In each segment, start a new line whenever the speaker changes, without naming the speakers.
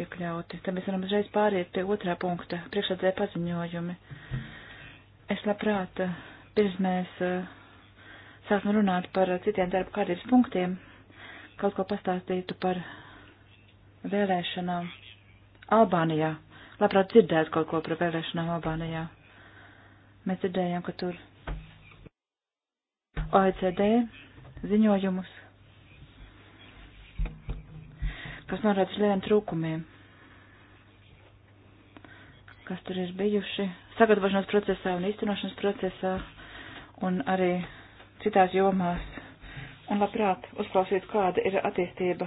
iekļauti. Tad mēs varam uzreiz pāriet pie otrā punkta - priekšsēdzē paziņojumi. Es labprāt, eh, pirms mēs eh, sākam runāt par citiem darba kārtības punktiem, kaut ko pastāstītu par vēlēšanām Albānijā. Labprāt dzirdētu kaut ko par vēlēšanām Albānijā. Mēs dzirdējām, ka tur OECD ziņojumus kas norāda uz lieliem trūkumiem, kas tur ir bijuši sagatavošanās procesā un īstenošanas procesā un arī citās jomās. Un labprāt uzklausīt, kāda ir attīstība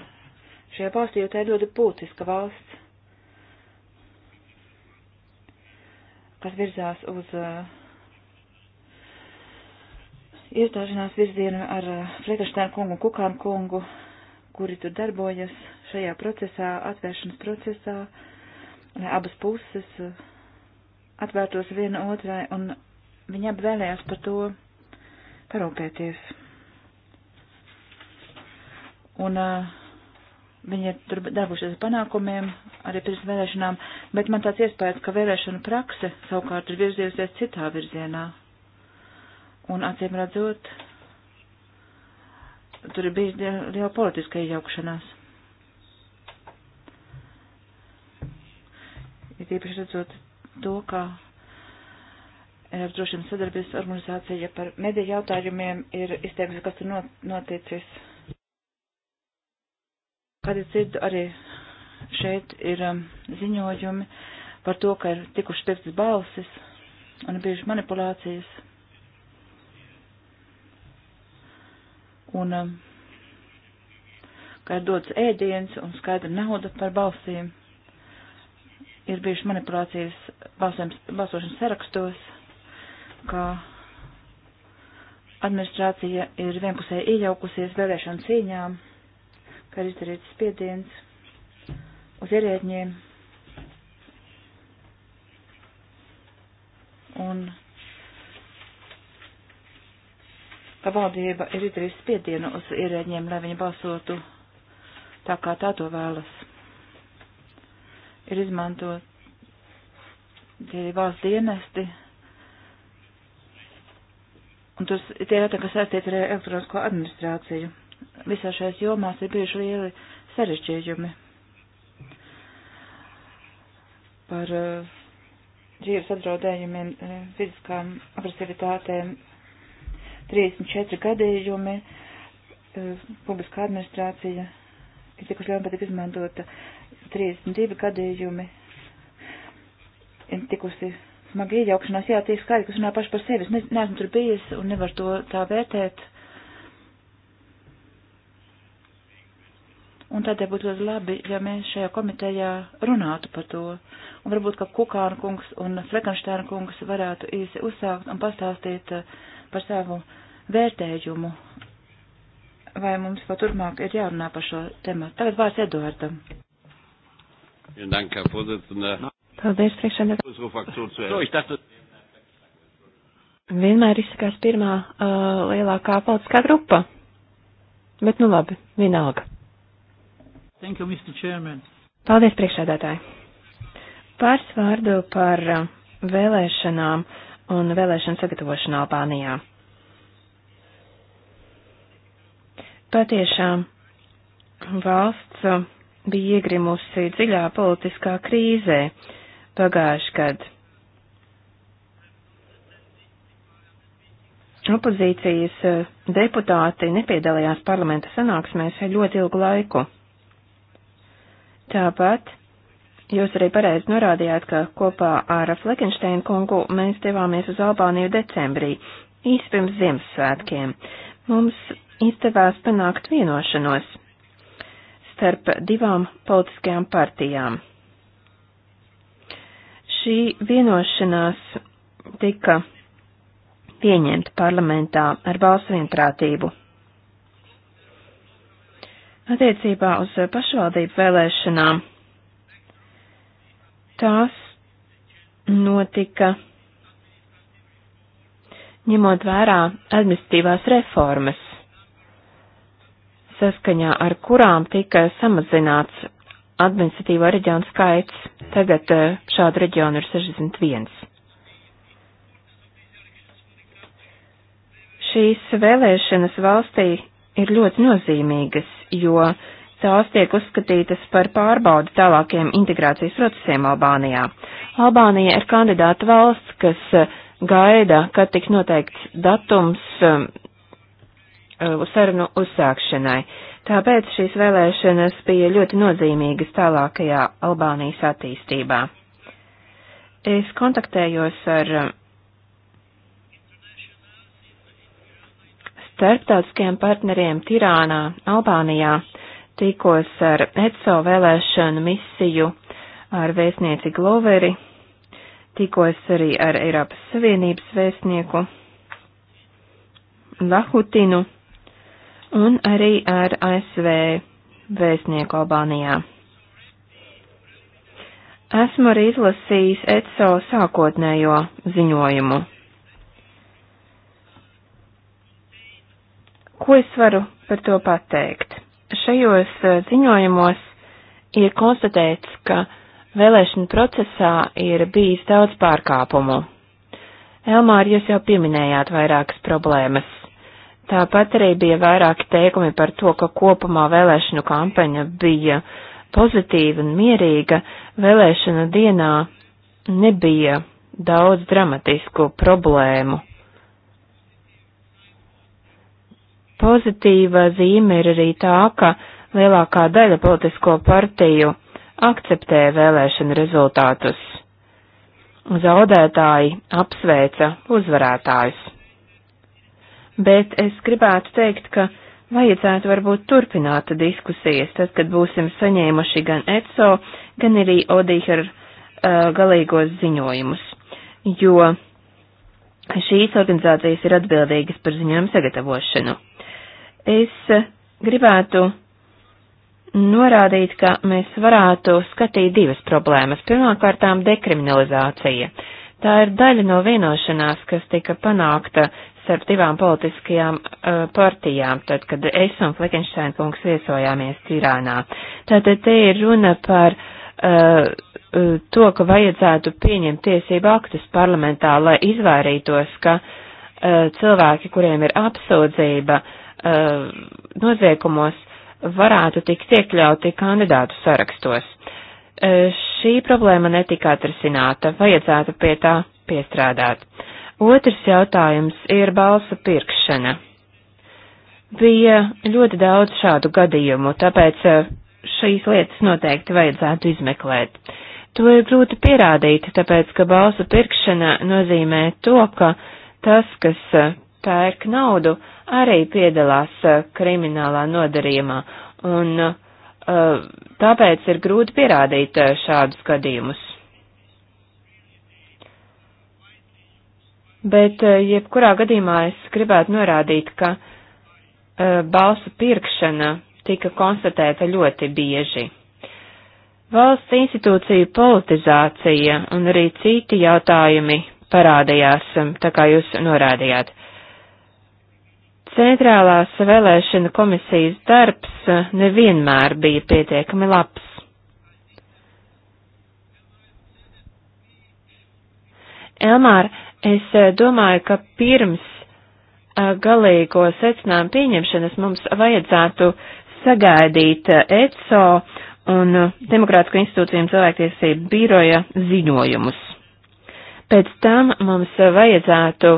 šajā valstī, jo tā ir ļoti būtiska valsts, kas virzās uz uh, iestāšanās virzienu ar uh, Fleckensteinu kungu un Kukānu kungu, kuri tur darbojas šajā procesā, atvēršanas procesā, lai abas puses eh, atvērtos viena otrai, un viņa apvēlējās par to parūpēties. Un uh, viņi ir tur darbušies panākumiem, arī pirms vēlēšanām, bet man tāds iespējas, ka vēlēšana prakse savukārt ir virzījusies citā virzienā. Un acīm redzot, tur ir bijis liela politiska iejaukšanās. it īpaši redzot to, ka Eiropas drošības sadarbības organizācija par mediju jautājumiem ir izteikusi, kas ir noticis. Kad es dzirdu arī šeit ir um, ziņojumi par to, ka ir tikuši piektas balsis un ir bijušas manipulācijas. Un um, kā ir dots ēdiens un skaidra nauda par balsīm ir bijušas manipulācijas balsošanas sarakstos, ka administrācija ir vienpusēji iejaukusies vēlēšanu cīņā, ka ir izdarīts spiediens uz ierēģiem. Un ka valdība ir izdarījusi spiedienu uz ierēģiem, lai viņi balsotu tā, kā tā to vēlas ir izmantot tie valsts dienesti, un tos, tie ir kas saistīti ar elektronisko administrāciju. Visā šajās jomās ir bijuši lieli sarežģījumi par uh, dzīves apdraudējumiem, uh, fiziskām agresivitātēm, 34 gadījumi, uh, eh, publiskā administrācija ir tikusi lielpatīgi izmantota. Uh, 32 gadījumi ir tikusi smagi iejaukšanās. Jā, tie skaļi, kas runā paši par sevi. Es ne, neesmu tur bijis un nevaru to tā vērtēt. Un tādēļ būtu ļoti labi, ja mēs šajā komitejā runātu par to. Un varbūt, ka Kukāna kungs un Frekanštēna kungs varētu īsi uzsākt un pastāstīt eh, par savu vērtējumu. Vai mums vēl turpmāk ir jārunā par šo tematu? Tagad vārds Eduardam.
Paldies, priekšsēdētāj.
Vienmēr izsakās pirmā uh, lielākā politiskā grupa. Bet nu labi, vienalga.
Thank you, Mr. Chairman.
Paldies, priekšsēdētāji. Pāris vārdu par vēlēšanām un vēlēšanu sagatavošanu Albānijā. Patiešām valsts bija iegrimusi dziļā politiskā krīzē pagājuši gadu. Opozīcijas eh, deputāti nepiedalījās parlamenta sanāksmēs ļoti ilgu laiku. Tāpat jūs arī pareizi norādījāt, ka kopā ar Fleckensteinu kungu mēs devāmies uz Albāniju decembrī, īsi pirms Ziemassvētkiem. Mums izdevās panākt vienošanos starp divām politiskajām partijām. Šī vienošanās tika pieņemta parlamentā ar balsu vienprātību. Attiecībā uz pašvaldību vēlēšanām tās notika ņemot vērā administratīvās reformas, saskaņā ar kurām tika samazināts administratīvā reģiona skaits. Tagad eh, šādu reģionu ir 61. Šīs vēlēšanas valstī ir ļoti nozīmīgas, jo tās tiek uzskatītas par pārbaudi tālākiem integrācijas procesiem Albānijā. Albānija ir kandidāta valsts, kas eh, gaida, kad tiks noteikts datums eh, Uh, sarunu uzsākšanai. Tāpēc šīs vēlēšanas bija ļoti nozīmīgas tālākajā Albānijas attīstībā. Es kontaktējos ar um, starptautiskiem partneriem Tirānā, Albānijā, tikos ar ECO vēlēšanu misiju, ar vēstnieci Gloveri, tikos arī ar Eiropas Savienības vēstnieku Lahutinu un arī ar ASV vēstnieku Albānijā. Esmu arī izlasījis ECO sākotnējo ziņojumu. Ko es varu par to pateikt? Šajos eh, ziņojumos ir konstatēts, ka vēlēšana procesā ir bijis daudz pārkāpumu. Elmār, jūs jau pieminējāt vairākas problēmas. Tāpat arī bija vairāki teikumi par to, ka kopumā vēlēšanu kampaņa bija pozitīva un mierīga. Vēlēšanu dienā nebija daudz dramatisku problēmu. Pozitīva zīme ir arī tā, ka lielākā daļa politisko partiju akceptē vēlēšanu rezultātus. Zaudētāji apsveica uzvarētājus bet es gribētu teikt, ka vajadzētu varbūt turpināt diskusijas, tad, kad būsim saņēmuši gan ECO, gan arī Odīher uh, galīgos ziņojumus, jo šīs organizācijas ir atbildīgas par ziņojumu sagatavošanu. Es uh, gribētu norādīt, ka mēs varētu skatīt divas problēmas. Pirmkārtām dekriminalizācija. Tā ir daļa no vienošanās, kas tika panākta starp divām politiskajām uh, partijām, tad, kad es un Flekenšteina kungs viesojāmies Tirānā. Tātad te ir runa par uh, to, ka vajadzētu pieņemt tiesību aktus parlamentā, lai izvairītos, ka uh, cilvēki, kuriem ir apsūdzība uh, noziekumos, varētu tikt iekļauti kandidātu sarakstos. Uh, šī problēma netika atrisināta, vajadzētu pie tā piestrādāt. Uh, Otrs jautājums ir balsu pirkšana. Bija ļoti daudz šādu gadījumu, tāpēc eh, šīs lietas noteikti vajadzētu izmeklēt. To ir grūti pierādīt, tāpēc, ka balsu pirkšana nozīmē to, ka tas, kas eh, pērk naudu, arī piedalās eh, kriminālā nodarījumā, un tāpēc ir grūti pierādīt šādus gadījumus. Bet eh, jebkurā gadījumā es gribētu norādīt, ka uh, balsu pirkšana tika konstatēta ļoti bieži. Valsts institūcija politizācija un arī citi jautājumi parādījās, eh, tā kā jūs norādījāt. Centrālās vēlēšana komisijas darbs nevienmēr bija pietiekami labs. Elmār, Es eh, domāju, ka pirms eh, galīgo secinājumu pieņemšanas mums vajadzētu sagaidīt eh, ECO un Demokrātisko institūciju un cilvēktiesību biroja ziņojumus. Pēc tam mums vajadzētu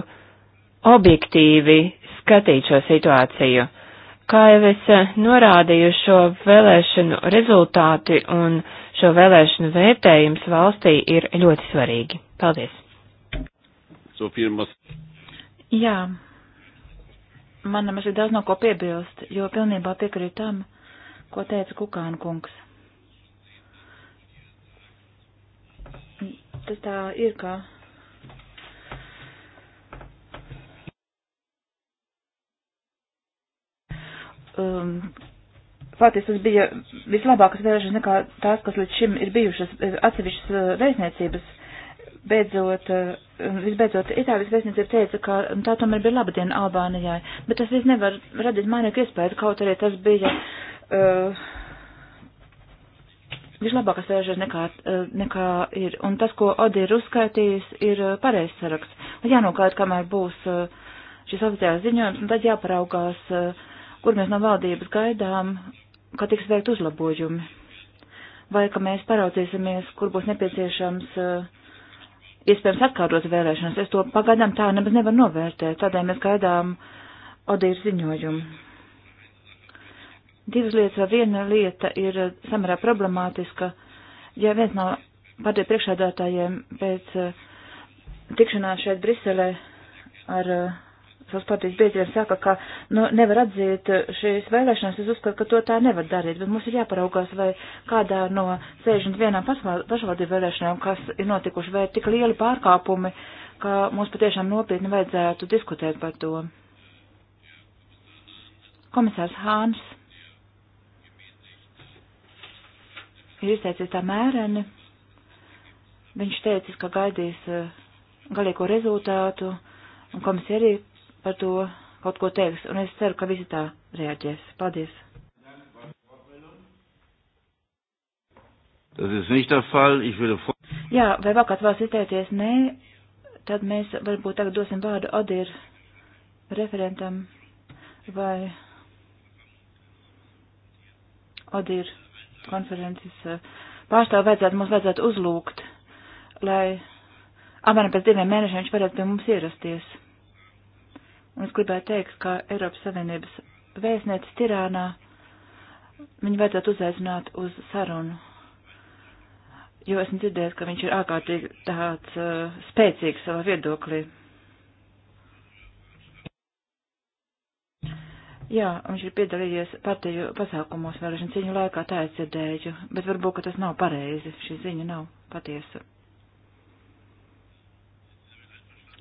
objektīvi skatīt šo situāciju. Kā jau es norādīju, šo vēlēšanu rezultāti un šo vēlēšanu vērtējums valstī ir ļoti svarīgi. Paldies! to pirmas. Jā, man nemaz ir daudz no ko piebilst, jo
pilnībā piekrītu tam, ko teica Kukāna kungs. Tas tā ir kā. Um, Faktiski tas bija vislabākas vēlēšanas nekā tās, kas līdz šim ir bijušas atsevišķas uh, vēstniecības beidzot, eh, visbeidzot, Itālijas vēstniecība teica, ka nu, tā tomēr bija laba diena Albānijai, bet tas viss nevar radīt mainīgu iespēju, kaut arī tas bija uh, eh, vislabākais sēžot nekā, uh, nekā ir. Un tas, ko Odi ir uzskaitījis, ir uh, pareizs saraksts. Un jānokārt, kamēr būs uh, šis oficiāls ziņojums, un tad jāparaugās, uh, kur mēs no valdības gaidām, ka tiks veikt uzlabojumi. Vai ka mēs paraudzīsimies, kur būs nepieciešams uh, iespējams atkārtot vēlēšanas. Es to pagaidām tā nemaz nevaru novērtēt, tādēļ mēs gaidām Odīru ziņojumu. Divas lietas vai viena lieta ir samērā problemātiska, ja viens no partiju priekšādātājiem pēc eh, tikšanās šeit Briselē ar uh, savas partijas biedriem saka, ka nu, nevar atzīt šīs vēlēšanas, es uzskatu, ka to tā nevar darīt, bet mums ir jāparaugās, vai kādā no 61 pašvaldību vēlēšanām, kas ir notikuši, vai ir tik lieli pārkāpumi, ka mums patiešām nopietni vajadzētu diskutēt par to. Komisārs Hāns ir izteicis tā mēreni. Viņš teicis, ka gaidīs eh, galīgo rezultātu, un komisija arī par to kaut ko teiks, un es ceru, ka visi tā reaģēs. Paldies!
Tas ir nicht der Fall. Ich will
Jā, vai vēl kāds vēlas izteikties? Nē, tad mēs varbūt tagad dosim vārdu Adir referentam vai Adir konferences eh, pārstāvu vajadzētu, mums vajadzētu uzlūgt, lai apmēram pēc diviem mēnešiem viņš varētu pie mums ierasties. Un es gribēju teikt, ka Eiropas Savienības vēstniecis Tirānā viņu vajadzētu uzaicināt uz sarunu. Jo esmu dzirdējis, ka viņš ir ārkārtīgi tāds uh, spēcīgs savā viedoklī. Jā, viņš ir piedalījies partiju pasākumos vēlēšanu ciņu laikā, tā es dzirdēju, bet varbūt, ka tas nav pareizi, šī ziņa nav patiesa.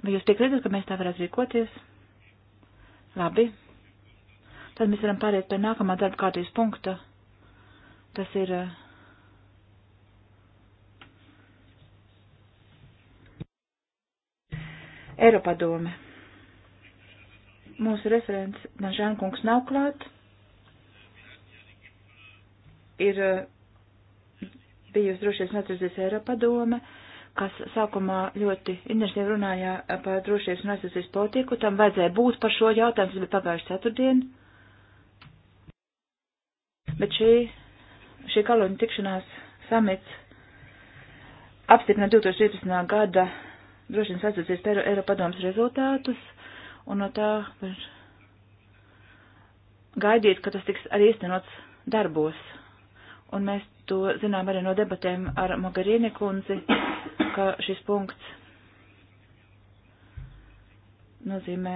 Vai jūs piekritat, ka mēs tā varētu rīkoties? Labi. Tad mēs varam pāriet pie nākamā darba kārtības punkta. Tas ir. Eh, Eiropadome. Mūsu referents Nažēnkungs nav klāt. Ir eh, bijusi droši vien atcerēties Eiropadome. Uh, kas sākumā ļoti intensīvi runāja par drošības un aizsardzības politiku. Tam vajadzēja būt par šo jautājumu, tas bija pagājuši ceturtdien. Bet šī, šī kaloņa tikšanās samits apstiprina 2013. gada drošības aizsardzības Eiropadomas rezultātus, un no tā var gaidīt, ka tas tiks arī īstenots darbos un mēs to zinām arī no debatēm ar Mogherini kundzi, ka šis punkts nozīmē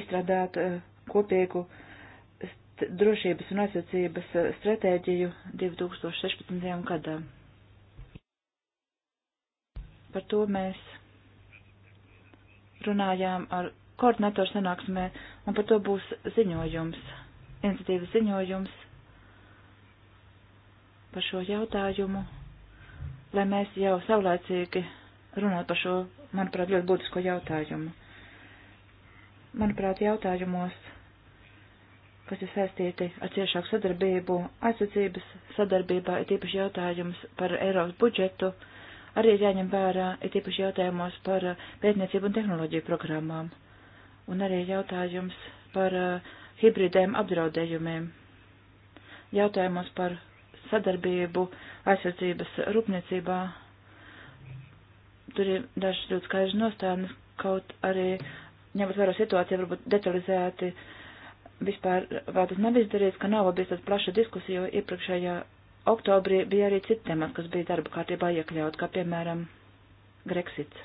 izstrādāt eh, kopīgu drošības un aizsardzības eh, stratēģiju 2016. gadam. Par to mēs runājām ar koordinatoru sanāksmē, un par to būs ziņojums, iniciatīvas ziņojums par šo jautājumu, lai mēs jau saulēcīgi runātu par šo, manuprāt, ļoti būtisko jautājumu. Manuprāt, jautājumos, kas ir saistīti ar ciešāku sadarbību, aizsardzības sadarbībā, ir tīpaši jautājums par Eiropas budžetu, arī ir jāņem vērā, ir tīpaši jautājumos par uh, pētniecību un tehnoloģiju programmām, un arī jautājums par uh, hibrīdiem apdraudējumiem, jautājumos par sadarbību aizsardzības rūpniecībā. Tur ir dažas ļoti skaidras nostādnes, kaut arī ņemot vērā situāciju, varbūt detalizēti vispār vēl tas nav izdarīts, ka nav bijis tāda plaša diskusija, jo iepriekšējā oktobrī bija arī citi temati, kas bija darba kārtībā iekļaut, kā piemēram Grexits.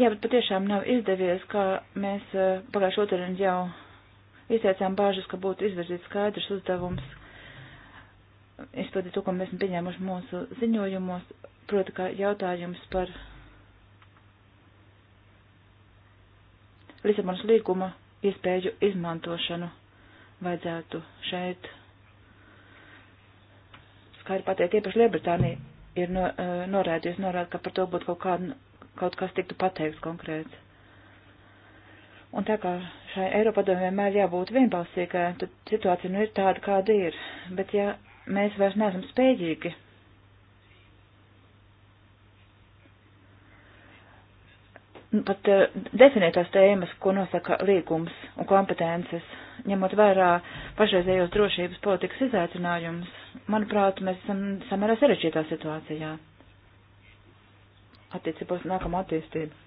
Jā, bet patiešām nav izdevies, kā mēs eh, pagājušā otrdienu jau izteicām bāžas, ka būtu izvirzīts skaidrs uzdevums izpildīt to, ko mēs esam pieņēmuši mūsu ziņojumos, proti, kā jautājums par Lisabonas līguma iespēju izmantošanu vajadzētu šeit skaidri pateikt, īpaši Lielbritānija ir no, eh, norādījusi, norāda, ka par to būtu kaut, kāda, kaut kas tiktu pateikts konkrēts. Un tā kā šai Eiropadomē vienmēr jābūt vienbalsīgai, tad situācija nu ir tāda, kāda ir. Bet ja mēs vairs neesam spējīgi nu, pat uh, definēt tās tēmas, ko nosaka līgums un kompetences, ņemot vērā pašreizējos drošības politikas izaicinājumus, manuprāt, mēs esam samērā sarežģītā situācijā attiecībos nākamo attīstību.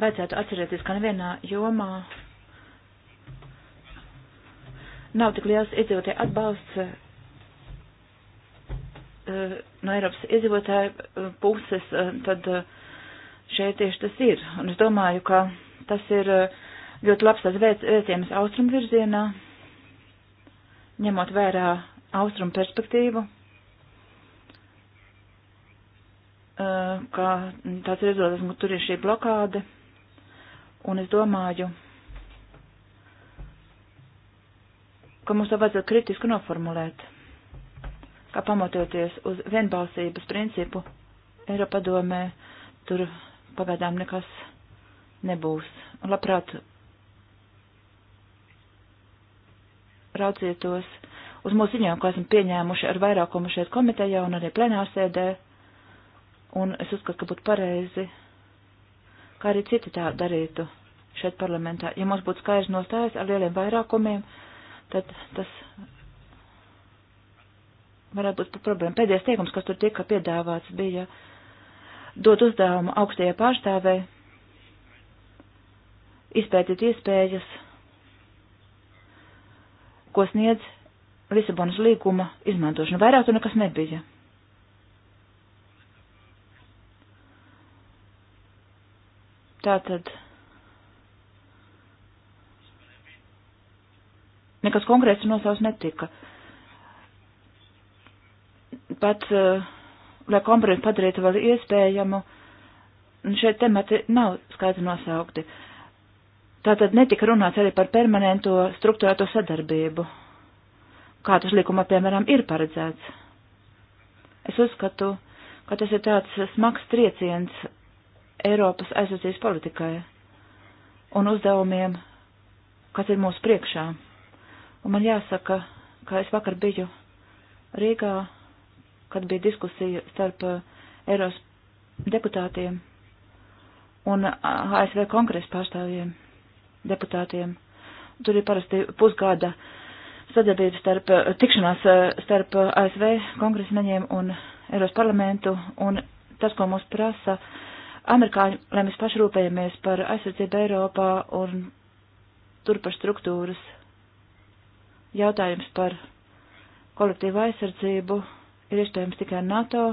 Vajadzētu atcerēties, ka nevienā jomā nav tik liels iedzīvotāju atbalsts uh, no Eiropas iedzīvotāju eh, puses, uh, tad uh, šeit tieši tas ir. Un es domāju, ka tas ir ļoti labs tas vērtienis austrumu virzienā, ņemot vērā austrumu perspektīvu, kā tāds rezultāts, ka tur ir šī blokāde. Un es domāju, ka mums to vajadzētu kritiski noformulēt, kā pamatoties uz vienbalsības principu Eiropadomē, tur pagaidām nekas nebūs. Un labprāt, raucietos uz mūsu ziņām, ko esam pieņēmuši ar vairākumu šeit komitejā un arī plenārsēdē, un es uzskatu, ka būtu pareizi kā arī citi tā darītu šeit parlamentā. Ja mums būtu skaidrs nostājas ar lieliem vairākumiem, tad tas varētu būt problēma. Pēdējais teikums, kas tur tika piedāvāts, bija dot uzdevumu augstajai pārstāvē, izpētīt iespējas, ko sniedz Lisabonas līguma izmantošana. Vairāk tur nekas nebija. Tātad nekas konkrēts nosaus netika. Pat, eh, lai kompromisu padarītu vēl iespējamu, nu, šie temati nav skaidri nosaukti. Tātad netika runāts arī par permanento struktūrēto sadarbību, kā tas likumā, piemēram, ir paredzēts. Es uzskatu, ka tas ir tāds smags trieciens Eiropas aizsardzības politikai un uzdevumiem, kas ir mūsu priekšā. Un man jāsaka, ka es vakar biju Rīgā, kad bija diskusija starp eh, Eiropas deputātiem un eh, ASV kongresa pārstāvjiem deputātiem. Tur ir parasti pusgada sadarbība starp eh, tikšanās starp ASV kongresmeņiem un Eiropas parlamentu, un tas, ko mums prasa, uh, amerikāņi, lai mēs paši rūpējamies par aizsardzību Eiropā un tur par struktūras jautājums par kolektīvu aizsardzību ir iespējams tikai NATO,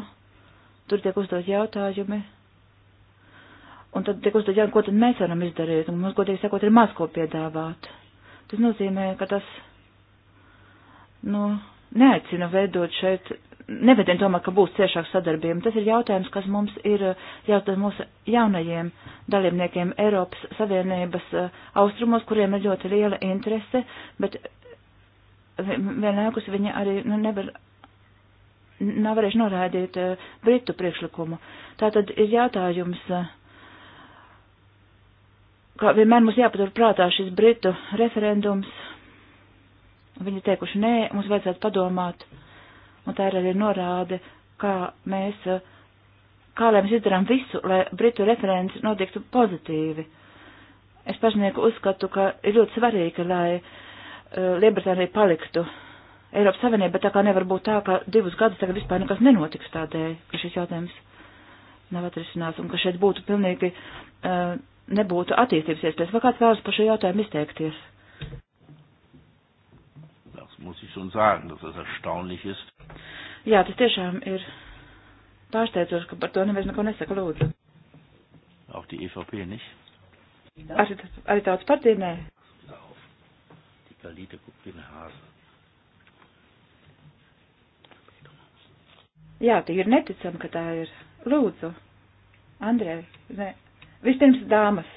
tur tiek uzdot jautājumi, un tad tiek uzdot jautājumi, ko tad mēs varam izdarīt, un mums, godīgi sakot, ir maz ko piedāvāt. Tas nozīmē, ka tas, nu, neaicina veidot šeit nevedien domā, ka būs ciešāk sadarbība. Tas ir jautājums, kas mums ir eh, jāuzdod mūsu jaunajiem dalībniekiem Eiropas Savienības eh, austrumos, kuriem ir ļoti liela interese, bet vienlaikus viņi arī nu, nevar nav varējuši norādīt uh, Britu priekšlikumu. Tātad ir jātājums, uh, ka vienmēr mums jāpatur prātā šis Britu referendums. Viņi teikuši nē, mums vajadzētu padomāt, Un tā ir arī norāde, kā mēs, eh, kā lai mēs izdarām visu, lai Britu referents notiktu pozitīvi. Es pašnieku uzskatu, ka ir ļoti svarīgi, lai uh, Lielbritānija paliktu Eiropas Savienība, bet tā kā nevar būt tā, ka divus gadus tagad vispār nekas nenotiks tādēļ, ka šis jautājums nav atrisināts un ka šeit būtu pilnīgi uh, nebūtu attīstības iespējas. Vai kāds vēlas par šo jautājumu izteikties?
Das muss ich schon
sagen, dass das erstaunlich ist.
Jā, tas tiešām ir pārsteidzoši, ka par to neviens neko nesaka, lūdzu.
Auch die EVP nicht?
Arī, arī tautas partija, nē.
Die Galita guckt den Hasen.
Jā, tie ir neticami, ka tā ir. Lūdzu, Andrej, ne. Vispirms dāmas.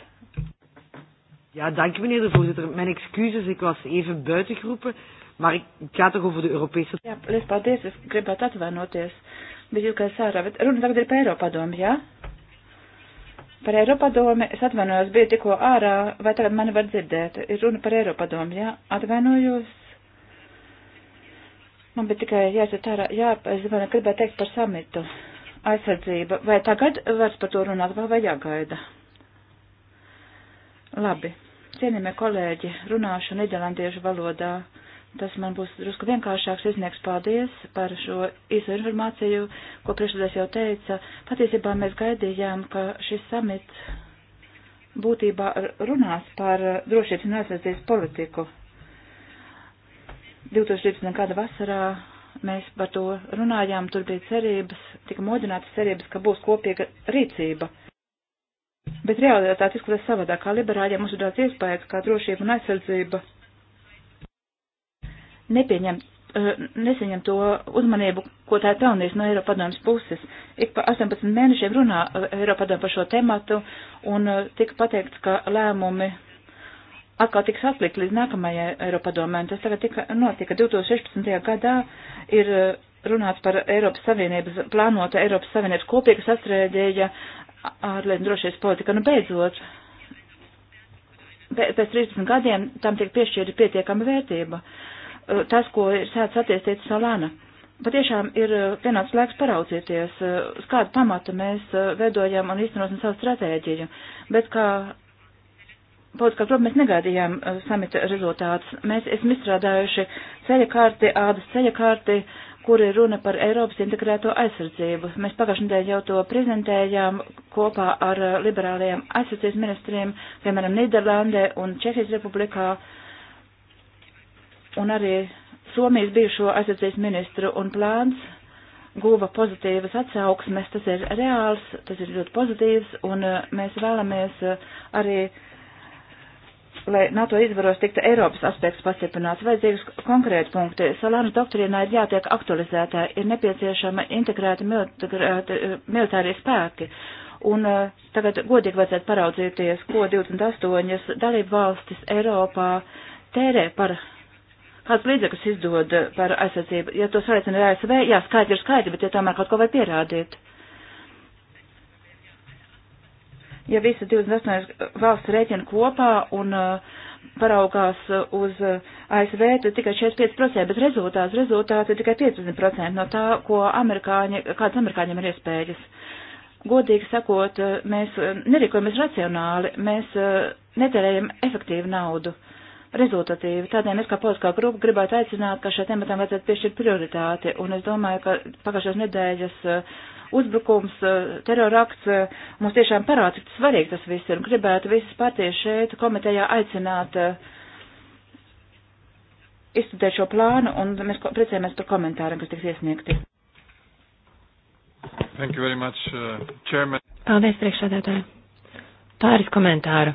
Ja, dank meneer de voorzitter. Mijn excuses, ik was even buiten geroepen. Maar ik, het gaat toch
over de Europese. Jā, liels paldies, es gribētu atvainoties. Bija jau kā sārā, bet runa tagad ir par Eiropadomu, jā? Par Eiropadomu, es atvainojos, biju tikko ārā, vai tagad mani var dzirdēt? Ir runa par Eiropadomu, jā? Atvainojos. Man bija tikai jāiet ārā, jā, es vēl gribēju teikt par samitu. Aizsardzība. Vai tagad vairs par to runāt, vai jāgaida? Labi. Cienījamie kolēģi, runāšu nīderlandiešu valodā. Tas man būs drusku vienkāršāks izniegs paldies par šo īso informāciju, ko priekšsēdēs jau teica. Patiesībā mēs gaidījām, ka šis samits būtībā runās par drošības un aizsardzības politiku. 2012. gada vasarā mēs par to runājām, tur bija cerības, tika modinātas cerības, ka būs kopīga rīcība. Bet realitāte izskatās savādāk, kā liberāļiem mums ir dots iespējas, kā drošība un aizsardzība nepieņem, eh, nesaņem to uzmanību, ko tā ir pelnījusi no Eiropadomas puses. Ik pa 18 mēnešiem runā eh, Eiropadoma par šo tematu un eh, tika pateikts, ka lēmumi atkal tiks atlikt līdz nākamajai Eiropadomē. Tas tagad tika, notika 2016. gadā ir runāts par Eiropas Savienības, plānota Eiropas Savienības kopīga sastrēdēja ārlietu drošības politika. Nu, beidzot, pēc 13 gadiem tam tiek piešķīra pietiekama vērtība. Uh, Eh, tas, ko ir sēdz attīstīt Solana. Patiešām ir eh, pienācis laiks paraudzīties, eh, uz kādu pamatu mēs veidojam un īstenosim savu stratēģiju, bet kā Politiskā grupa mēs negaidījām samita rezultātus. Mēs esam izstrādājuši ceļa kārti, ādas ceļa kārti, kur ir runa par Eiropas integrēto aizsardzību. Mēs pagājušajā nedēļā jau to prezentējām kopā ar liberālajiem aizsardzības ministriem, piemēram, Nīderlandē un Čehijas republikā. Uh, un arī Somijas bijušo aizsardzības ministru un plāns guva pozitīvas atsauksmes, tas ir reāls, tas ir ļoti pozitīvs, un e, mēs vēlamies e, arī, lai NATO izvaros tiktu Eiropas aspekts pastiprināts, vajadzīgs konkrēti punkti. Salānas doktrīnā ir jātiek aktualizētā, ir nepieciešama integrēta militārie spēki, un e, tagad godīgi vajadzētu paraudzīties, ko 28 dalību valstis Eiropā tērē par kāds līdzeklis izdod par aizsardzību. Ja to salīdzina ar ASV, jā, skaidri ir skaidri, bet ja tomēr kaut ko vajag pierādīt. Ja visi 28 valsts rēķina kopā un uh, paraugās uz uh, ASV, tad tikai 45%, bet rezultāts, rezultāti tikai 15% no tā, ko amerikāņi, kāds amerikāņiem ir iespējas. Godīgi sakot, uh, mēs uh, nerīkojamies racionāli, mēs uh, netērējam efektīvu naudu. Uh, rezultatīvi. Tādēļ mēs kā politiskā grupa gribētu aicināt, ka šai tematam vajadzētu piešķirt prioritāti. Un es domāju, ka pagājušās nedēļas uh, uzbrukums, uh, terorakts uh, mums tiešām parāda, cik svarīgi tas viss ir. Un gribētu visas partijas šeit komitejā aicināt izstudēt šo plānu, un mēs priecējamies par komentāriem, kas tiks iesniegti.
Thank you very much, uh, Chairman.
Paldies, priekšsādātāji. Pāris komentāru.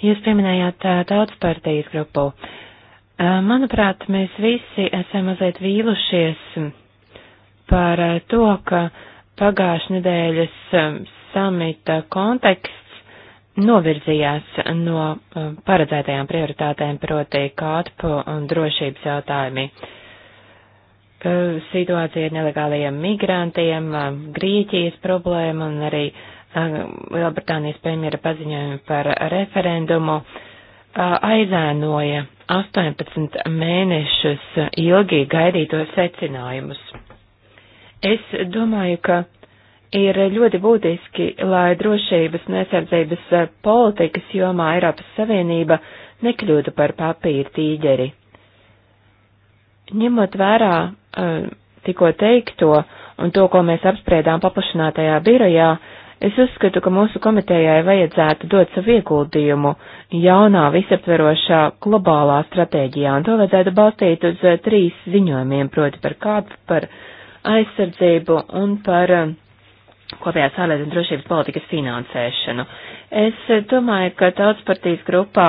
Jūs pieminējāt daudz partijas grupu. Manuprāt, mēs visi esam mazliet vīlušies par to, ka pagājušā nedēļas samita konteksts novirzījās no paredzētajām prioritātēm, proti kātpu un drošības jautājumi. Situācija ar nelegālajiem migrantiem, Grieķijas problēma un arī uh, Lielbritānijas premjera paziņojumu par referendumu aizēnoja 18 mēnešus ilgi gaidītos secinājumus. Es domāju, ka ir ļoti būtiski, lai drošības un aizsardzības politikas jomā Eiropas Savienība nekļūtu par papīra tīģeri. Ņemot vērā tikko teikto un to, ko mēs apspriedām paplašinātajā birojā, Es uzskatu, ka mūsu komitejai vajadzētu dot savu ieguldījumu jaunā visaptverošā globālā stratēģijā, un to vajadzētu balstīt uz eh, trīs ziņojumiem, proti par kāpu, par aizsardzību un par eh, kopējās ārlietu un drošības politikas finansēšanu. Es eh, domāju, ka tautspartijas grupā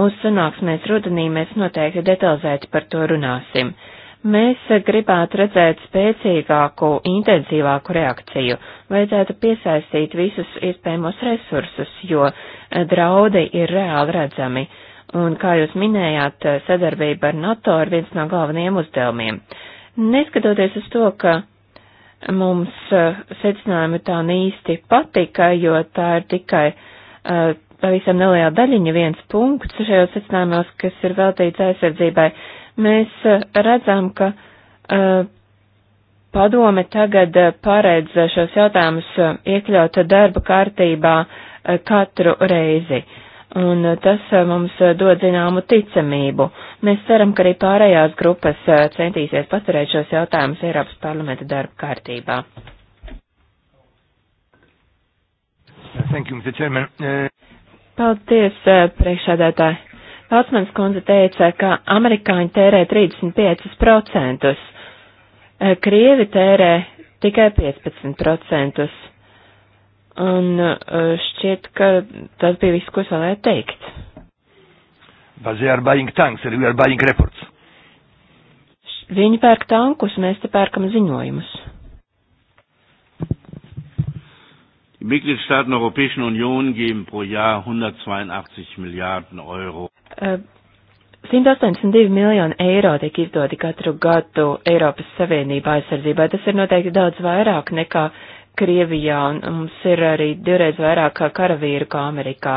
mūsu sanāksmēs rudenī mēs noteikti detalizēti par to runāsim. Uh, Mēs gribētu redzēt spēcīgāku, intensīvāku reakciju. Vajadzētu piesaistīt visus iespējamos resursus, jo draudi ir reāli redzami. Un, kā jūs minējāt, sadarbība ar NATO ir viens no galvenajiem uzdevumiem. Neskatoties uz to, ka mums eh, secinājumi tā īsti patika, jo tā ir tikai uh, pavisam neliela daļiņa viens punkts šajos secinājumos, kas ir veltīts aizsardzībai, Mēs eh, redzam, ka uh, padome tagad eh, paredz šos jautājumus iekļaut darba kārtībā katru reizi. Un tas mums dod zināmu ticamību. Mēs ceram, ka arī pārējās grupas centīsies paturēt šos jautājumus Eiropas parlamenta darba kārtībā.
Thank you, Mr. Chairman.
Paldies, priekšādātāji. Pācmans kundze teica, ka amerikāņi tērē 35%, krievi tērē tikai 15%. Un šķiet, ka tas bija viss, ko es vēlēju teikt.
But they are buying tanks and we are buying reports.
Viņi pērk tankus, mēs te pērkam ziņojumus.
Die Mitgliedstaaten der Europäischen Union geben pro Jahr 182 Milliarden Euro.
Uh, 182 miljoni eiro tiek izdoti katru gadu Eiropas Savienībā aizsardzībai. Tas ir noteikti daudz vairāk nekā Krievijā, un mums ir arī divreiz vairāk karavīru kā Amerikā.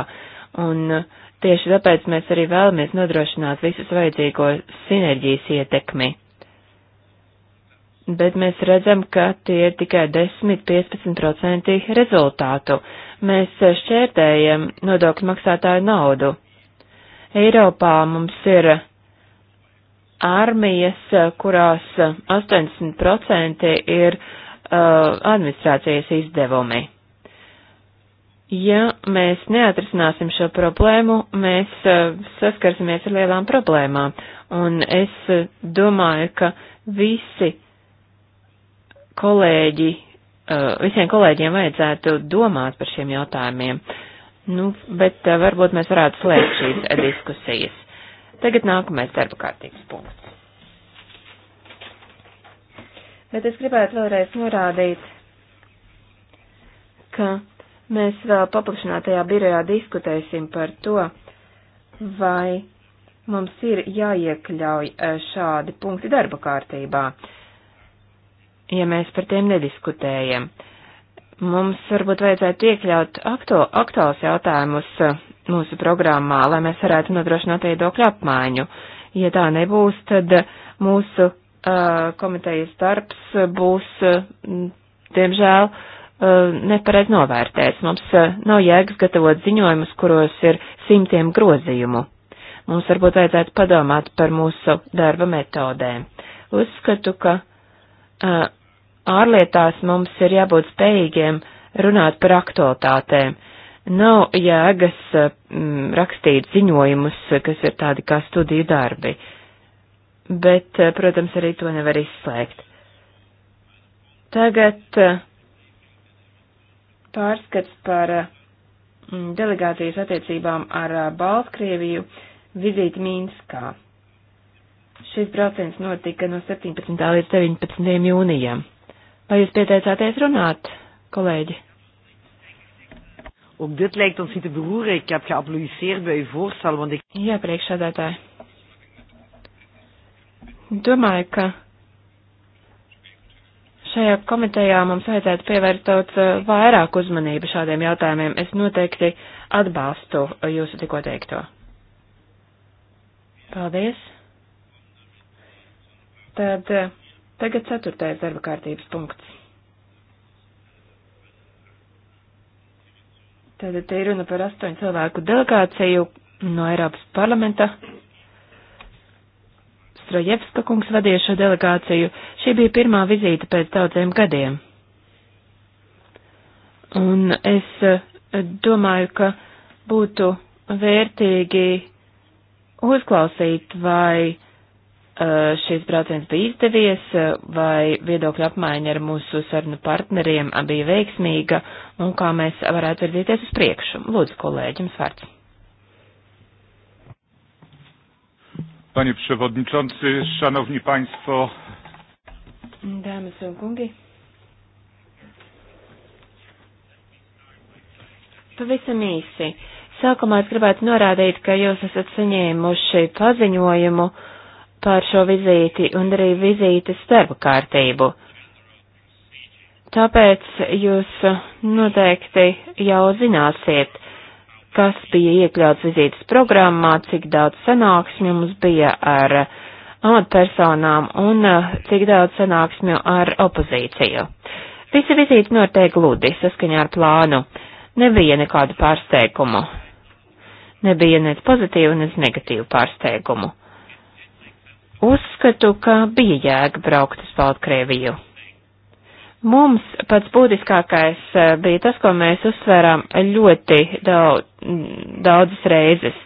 Un uh, tieši tāpēc mēs arī vēlamies nodrošināt visus vajadzīgo sinerģijas ietekmi bet mēs redzam, ka tie ir tikai 10-15% rezultātu. Mēs šķērtējam nodokļu maksātāju naudu. Eiropā mums ir armijas, kurās 80% ir uh, administrācijas izdevumi. Ja mēs neatrisināsim šo problēmu, mēs uh, saskarsimies ar lielām problēmām, un es uh, domāju, ka visi uh, kolēģi, eh, visiem kolēģiem vajadzētu domāt par šiem jautājumiem. Nu, bet eh, varbūt mēs varētu slēgt šīs diskusijas. Tagad nākamais darba kārtības punkts. Bet es gribētu vēlreiz norādīt, ka mēs vēl paplašinātajā birojā diskutēsim par to, vai mums ir jāiekļauj eh, šādi punkti darba kārtībā. Uh, ja mēs par tiem nediskutējam. Mums varbūt vajadzētu iekļaut aktu, aktuāls jautājumus uh, mūsu programmā, lai mēs varētu nodrošināt viedokļu apmaiņu. Ja tā nebūs, tad mūsu uh, komitejas darbs būs, uh, diemžēl, uh, nepareiz novērtēts. Mums uh, nav jēgas gatavot ziņojumus, kuros ir simtiem grozījumu. Mums varbūt vajadzētu padomāt par mūsu darba metodēm. Uzskatu, ka uh, ārlietās mums ir jābūt spējīgiem runāt par aktualitātēm. Nav jēgas mm, rakstīt ziņojumus, kas ir tādi kā studiju darbi, bet, eh, protams, arī to nevar izslēgt. Tagad eh, pārskats par delegācijas attiecībām ar Baltkrieviju vizīti Mīnskā. Šis brauciens notika no 17. līdz 19. jūnijam. Vai jūs pieteicāties runāt, kolēģi? Ook dit lijkt ons niet te beroeren. Ik heb geapplaudisseerd bij uw voorstel, want ik... Ja, priekšsēdētāji. Domāju, ka šajā komitejā mums vajadzētu pievērst daudz eh, vairāk uzmanību šādiem jautājumiem. Es noteikti atbalstu eh, jūsu tikko teikto. Paldies. Tad eh, Tagad ceturtais darba kārtības punkts. Tātad te ir runa par astoņu cilvēku delegāciju no Eiropas parlamenta. Strojevska kungs vadīja šo delegāciju. Šī bija pirmā vizīte pēc daudziem gadiem. Un es eh, domāju, ka būtu vērtīgi uzklausīt, vai Eh, šis brauciens bija izdevies, eh, vai viedokļu apmaiņa ar mūsu sarunu partneriem bija veiksmīga un kā mēs varētu virzīties uz priekšu. Lūdzu, kolēģi, jums vārds.
Panie przewodniczący, szanowni państwo.
Damy są kungi. Pavisam īsi. Sākumā es gribētu norādīt, ka jūs esat saņēmuši paziņojumu uh, par šo vizīti un arī vizītes darba kārtību. Tāpēc jūs noteikti jau zināsiet, kas bija iekļauts vizītes programmā, cik daudz sanāksmju mums bija ar amatpersonām un eh, cik daudz sanāksmju ar opozīciju. Visi vizīti notiek gludi saskaņā ar plānu. Nebija nekādu pārsteigumu. Nebija nec pozitīvu, nec negatīvu pārsteigumu. Uzskatu, ka bija jēga braukt uz Baltkrieviju. Mums pats būtiskākais eh, bija tas, ko mēs uzsvērām ļoti daudz, daudzas reizes.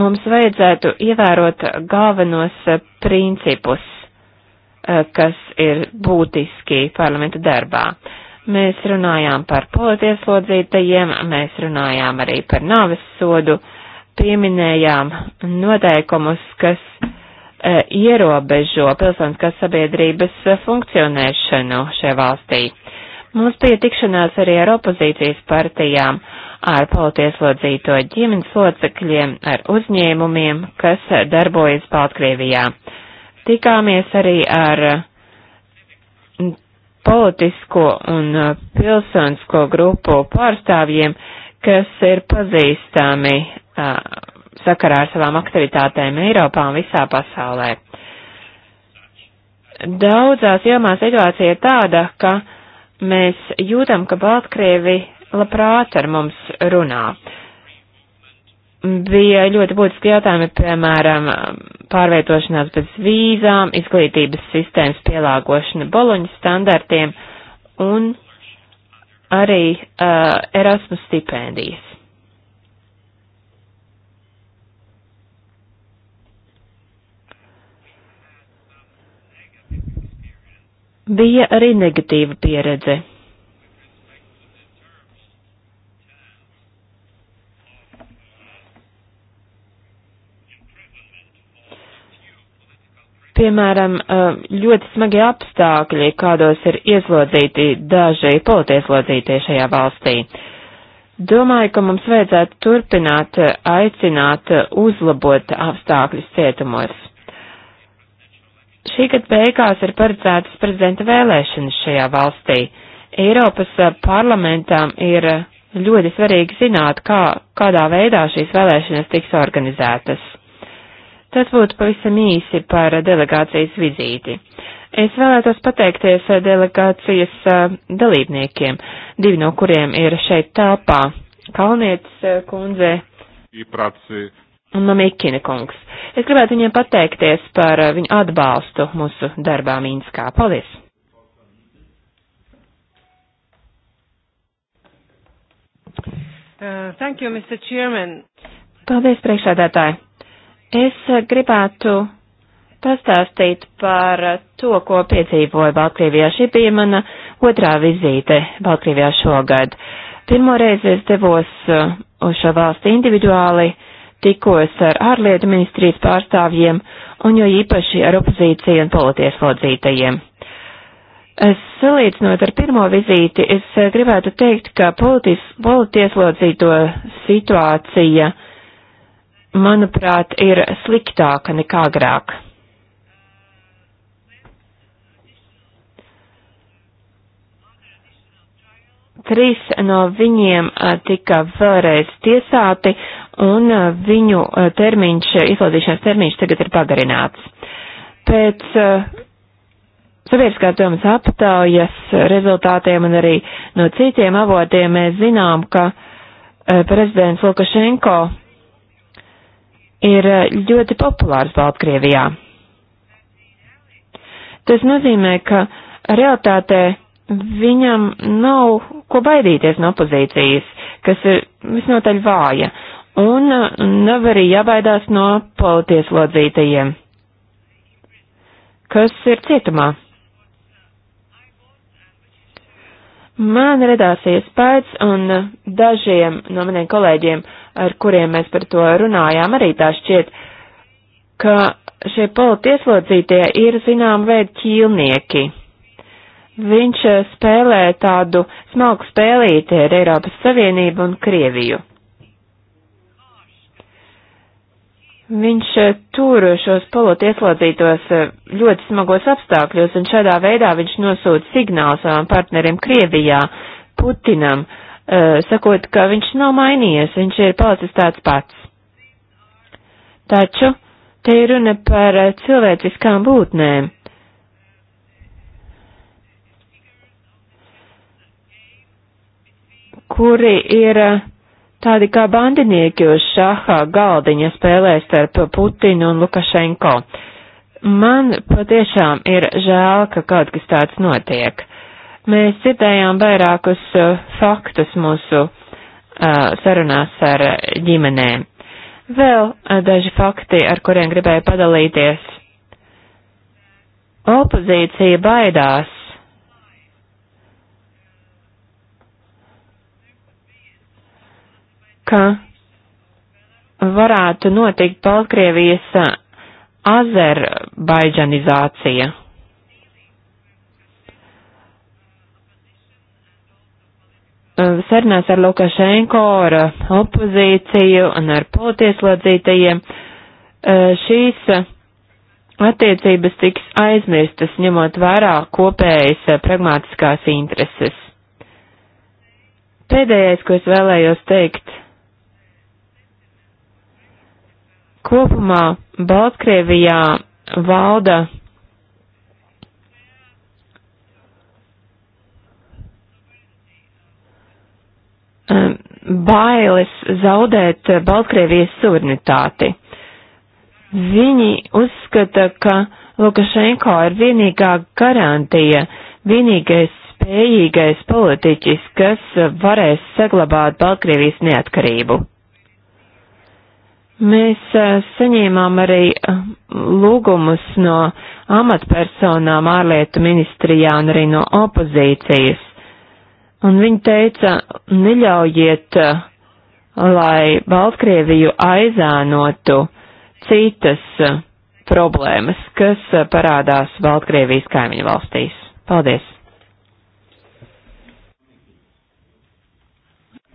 Mums vajadzētu ievērot galvenos eh, principus, eh, kas ir būtiski parlamenta darbā. Mēs runājām par politieslodzītajiem, mēs runājām arī par nāves sodu, pieminējām noteikumus, kas uh, E, ierobežo pilsoniskās sabiedrības e, funkcionēšanu šajā valstī. Mums bija tikšanās arī ar opozīcijas partijām, ar politieslodzīto ģimenes locekļiem, ar uzņēmumiem, kas darbojas Baltkrievijā. Tikāmies arī ar politisko un pilsonisko grupu pārstāvjiem, kas ir pazīstami uh, sakarā ar savām aktivitātēm Eiropā un visā pasaulē. Daudzās jomās situācija ir tāda, ka mēs jūtam, ka Baltkrievi labprāt ar mums runā. Bija ļoti būtiski jautājumi, piemēram, pārvietošanās bez vīzām, izglītības sistēmas pielāgošana boloņu standartiem un arī uh, Erasmus stipendijas. Bija arī negatīva pieredze. Piemēram, eh, ļoti smagi apstākļi, kādos ir ieslodzīti daži politieslodzītie šajā valstī. Domāju, ka mums vajadzētu turpināt eh, aicināt eh, uzlabot apstākļus cietumos. Šī gada beigās ir paredzētas prezidenta vēlēšanas šajā valstī. Eiropas eh, parlamentam ir eh, ļoti svarīgi zināt, kā, kādā veidā šīs vēlēšanas tiks organizētas. Tas būtu pavisam īsi par delegācijas vizīti. Es vēlētos pateikties eh, delegācijas dalībniekiem, divi no kuriem ir šeit telpā - Kalnietis kundze.
Īprāci
Mamikina kungs. Es gribētu viņiem pateikties par uh, viņu atbalstu mūsu darbā Mīnskā. Paldies!
Uh, thank you, Mr. Chairman.
Paldies, priekšsēdētāji. Es uh, gribētu pastāstīt par uh, to, ko piedzīvoju Baltkrievijā. Šī bija mana otrā vizīte Baltkrievijā šogad. Pirmo reizi es devos uz šo valsti individuāli. Uh, tikos ar ārlietu ministrijas pārstāvjiem un jo īpaši ar opozīciju un politieslodzītajiem. Es salīdzinot ar pirmo vizīti, es eh, gribētu teikt, ka politis, politieslodzīto situācija, manuprāt, ir sliktāka nekā agrāk. Trīs no viņiem uh, tika vēlreiz tiesāti, un uh, viņu uh, termiņš, izlaidīšanas termiņš tagad ir pagarināts. Pēc sabiedriskās domas aptaujas rezultātiem un arī no citiem avotiem mēs zinām, ka prezidents Lukašenko ir ļoti populārs Baltkrievijā. Tas nozīmē, ka realitātē viņam nav ko baidīties no opozīcijas, kas ir visnotaļ vāja, un uh, nav arī jābaidās no politieslodzītajiem, kas ir cietumā. Man radās iespējas, un uh, dažiem no maniem kolēģiem, ar kuriem mēs par to runājām, arī tā šķiet, ka šie politieslodzītie ir zinām veidu ķīlnieki. Viņš eh, spēlē tādu smalku spēlīti ar Eiropas Savienību un Krieviju. Viņš eh, tur šos politieslodzītos eh, ļoti smagos apstākļos, un šādā veidā viņš nosūta signālu savam partnerim Krievijā, Putinam, sakot, ka viņš nav mainījies, viņš ir palicis tāds pats. Taču te ir runa par cilvēciskām būtnēm. kuri ir eh, tādi kā bandinieki uz šahā galdiņa spēlē starp Putinu un Lukašenko. Man patiešām ir žēl, ka kaut kas tāds notiek. Mēs citējām vairākus eh, faktus mūsu uh, sarunās ar ģimenēm. Vēl daži fakti, ar kuriem gribēju padalīties. Opozīcija baidās ka varētu notikt Baltkrievijas azerbaidžanizācija. Sarunās ar Lukašenko, ar opozīciju un ar politieslodzītajiem šīs attiecības tiks aizmirstas, ņemot vērā kopējas pragmatiskās intereses. Pēdējais, ko es vēlējos teikt, Kopumā Baltkrievijā valda um, bailes zaudēt Baltkrievijas suverenitāti. Viņi uzskata, ka Lukašenko ir vienīgā garantija, vienīgais spējīgais politiķis, kas varēs saglabāt Baltkrievijas neatkarību. Mēs saņēmām arī lūgumus no amatpersonām ārlietu ministrijā un arī no opozīcijas. Un viņi teica, neļaujiet, lai Baltkrieviju aizānotu citas problēmas, kas parādās Baltkrievijas kaimiņu valstīs. Paldies!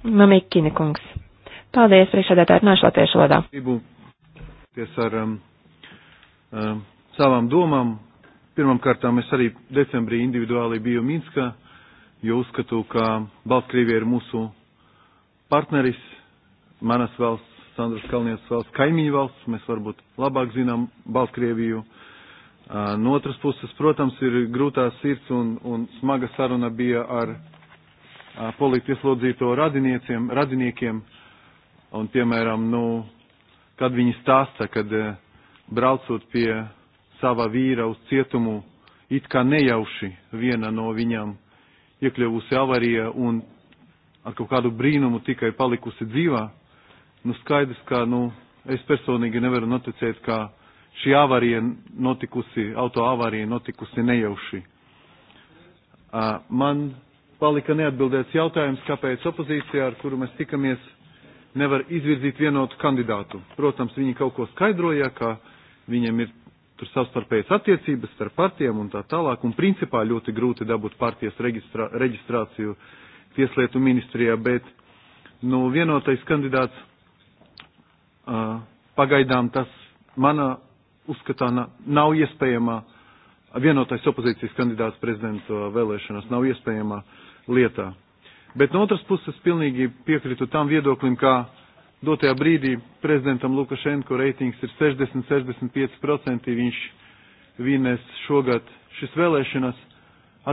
Mamikina kungs. Paldies, priekšsēdētāji, nāšu latviešu valodā.
Gribu ar um, um, savām domām. Pirmkārtām es arī decembrī individuāli biju Minskā, jo uzskatu, ka Baltkrievija ir mūsu partneris, manas valsts, Sandras Kalnietes valsts, kaimiņu valsts, mēs varbūt labāk zinām Baltkrieviju. Uh, no otras puses, protams, ir grūtā sirds un, un smaga saruna bija ar uh, politieslodzīto radiniekiem, radiniekiem uh, un, piemēram, nu, kad viņi stāsta, kad eh, braucot pie sava vīra uz cietumu, it kā nejauši viena no viņām iekļuvusi avarijā un ar kaut kādu brīnumu tikai palikusi dzīvā, nu skaidrs, ka, nu, es personīgi nevaru noticēt, ka šī avarija notikusi, auto avarija notikusi nejauši. Man palika neatbildēts jautājums, kāpēc opozīcija, ar kuru mēs tikamies, nevar izvirzīt vienotu kandidātu. Protams, viņi kaut ko skaidroja, ka viņiem ir tur savstarpējas attiecības starp partijām un tā tālāk, un principā ļoti grūti dabūt partijas reģistrā, reģistrāciju tieslietu ministrijā, bet nu, vienotais kandidāts uh, pagaidām tas mana uzskatā nav iespējama, vienotais opozīcijas kandidāts prezidenta vēlēšanas nav iespējama lietā. Bet no otras puses pilnīgi piekrītu tam viedoklim, ka dotajā brīdī prezidentam Lukašenko reitings ir 60-65%, viņš vienēs šogad šis vēlēšanas.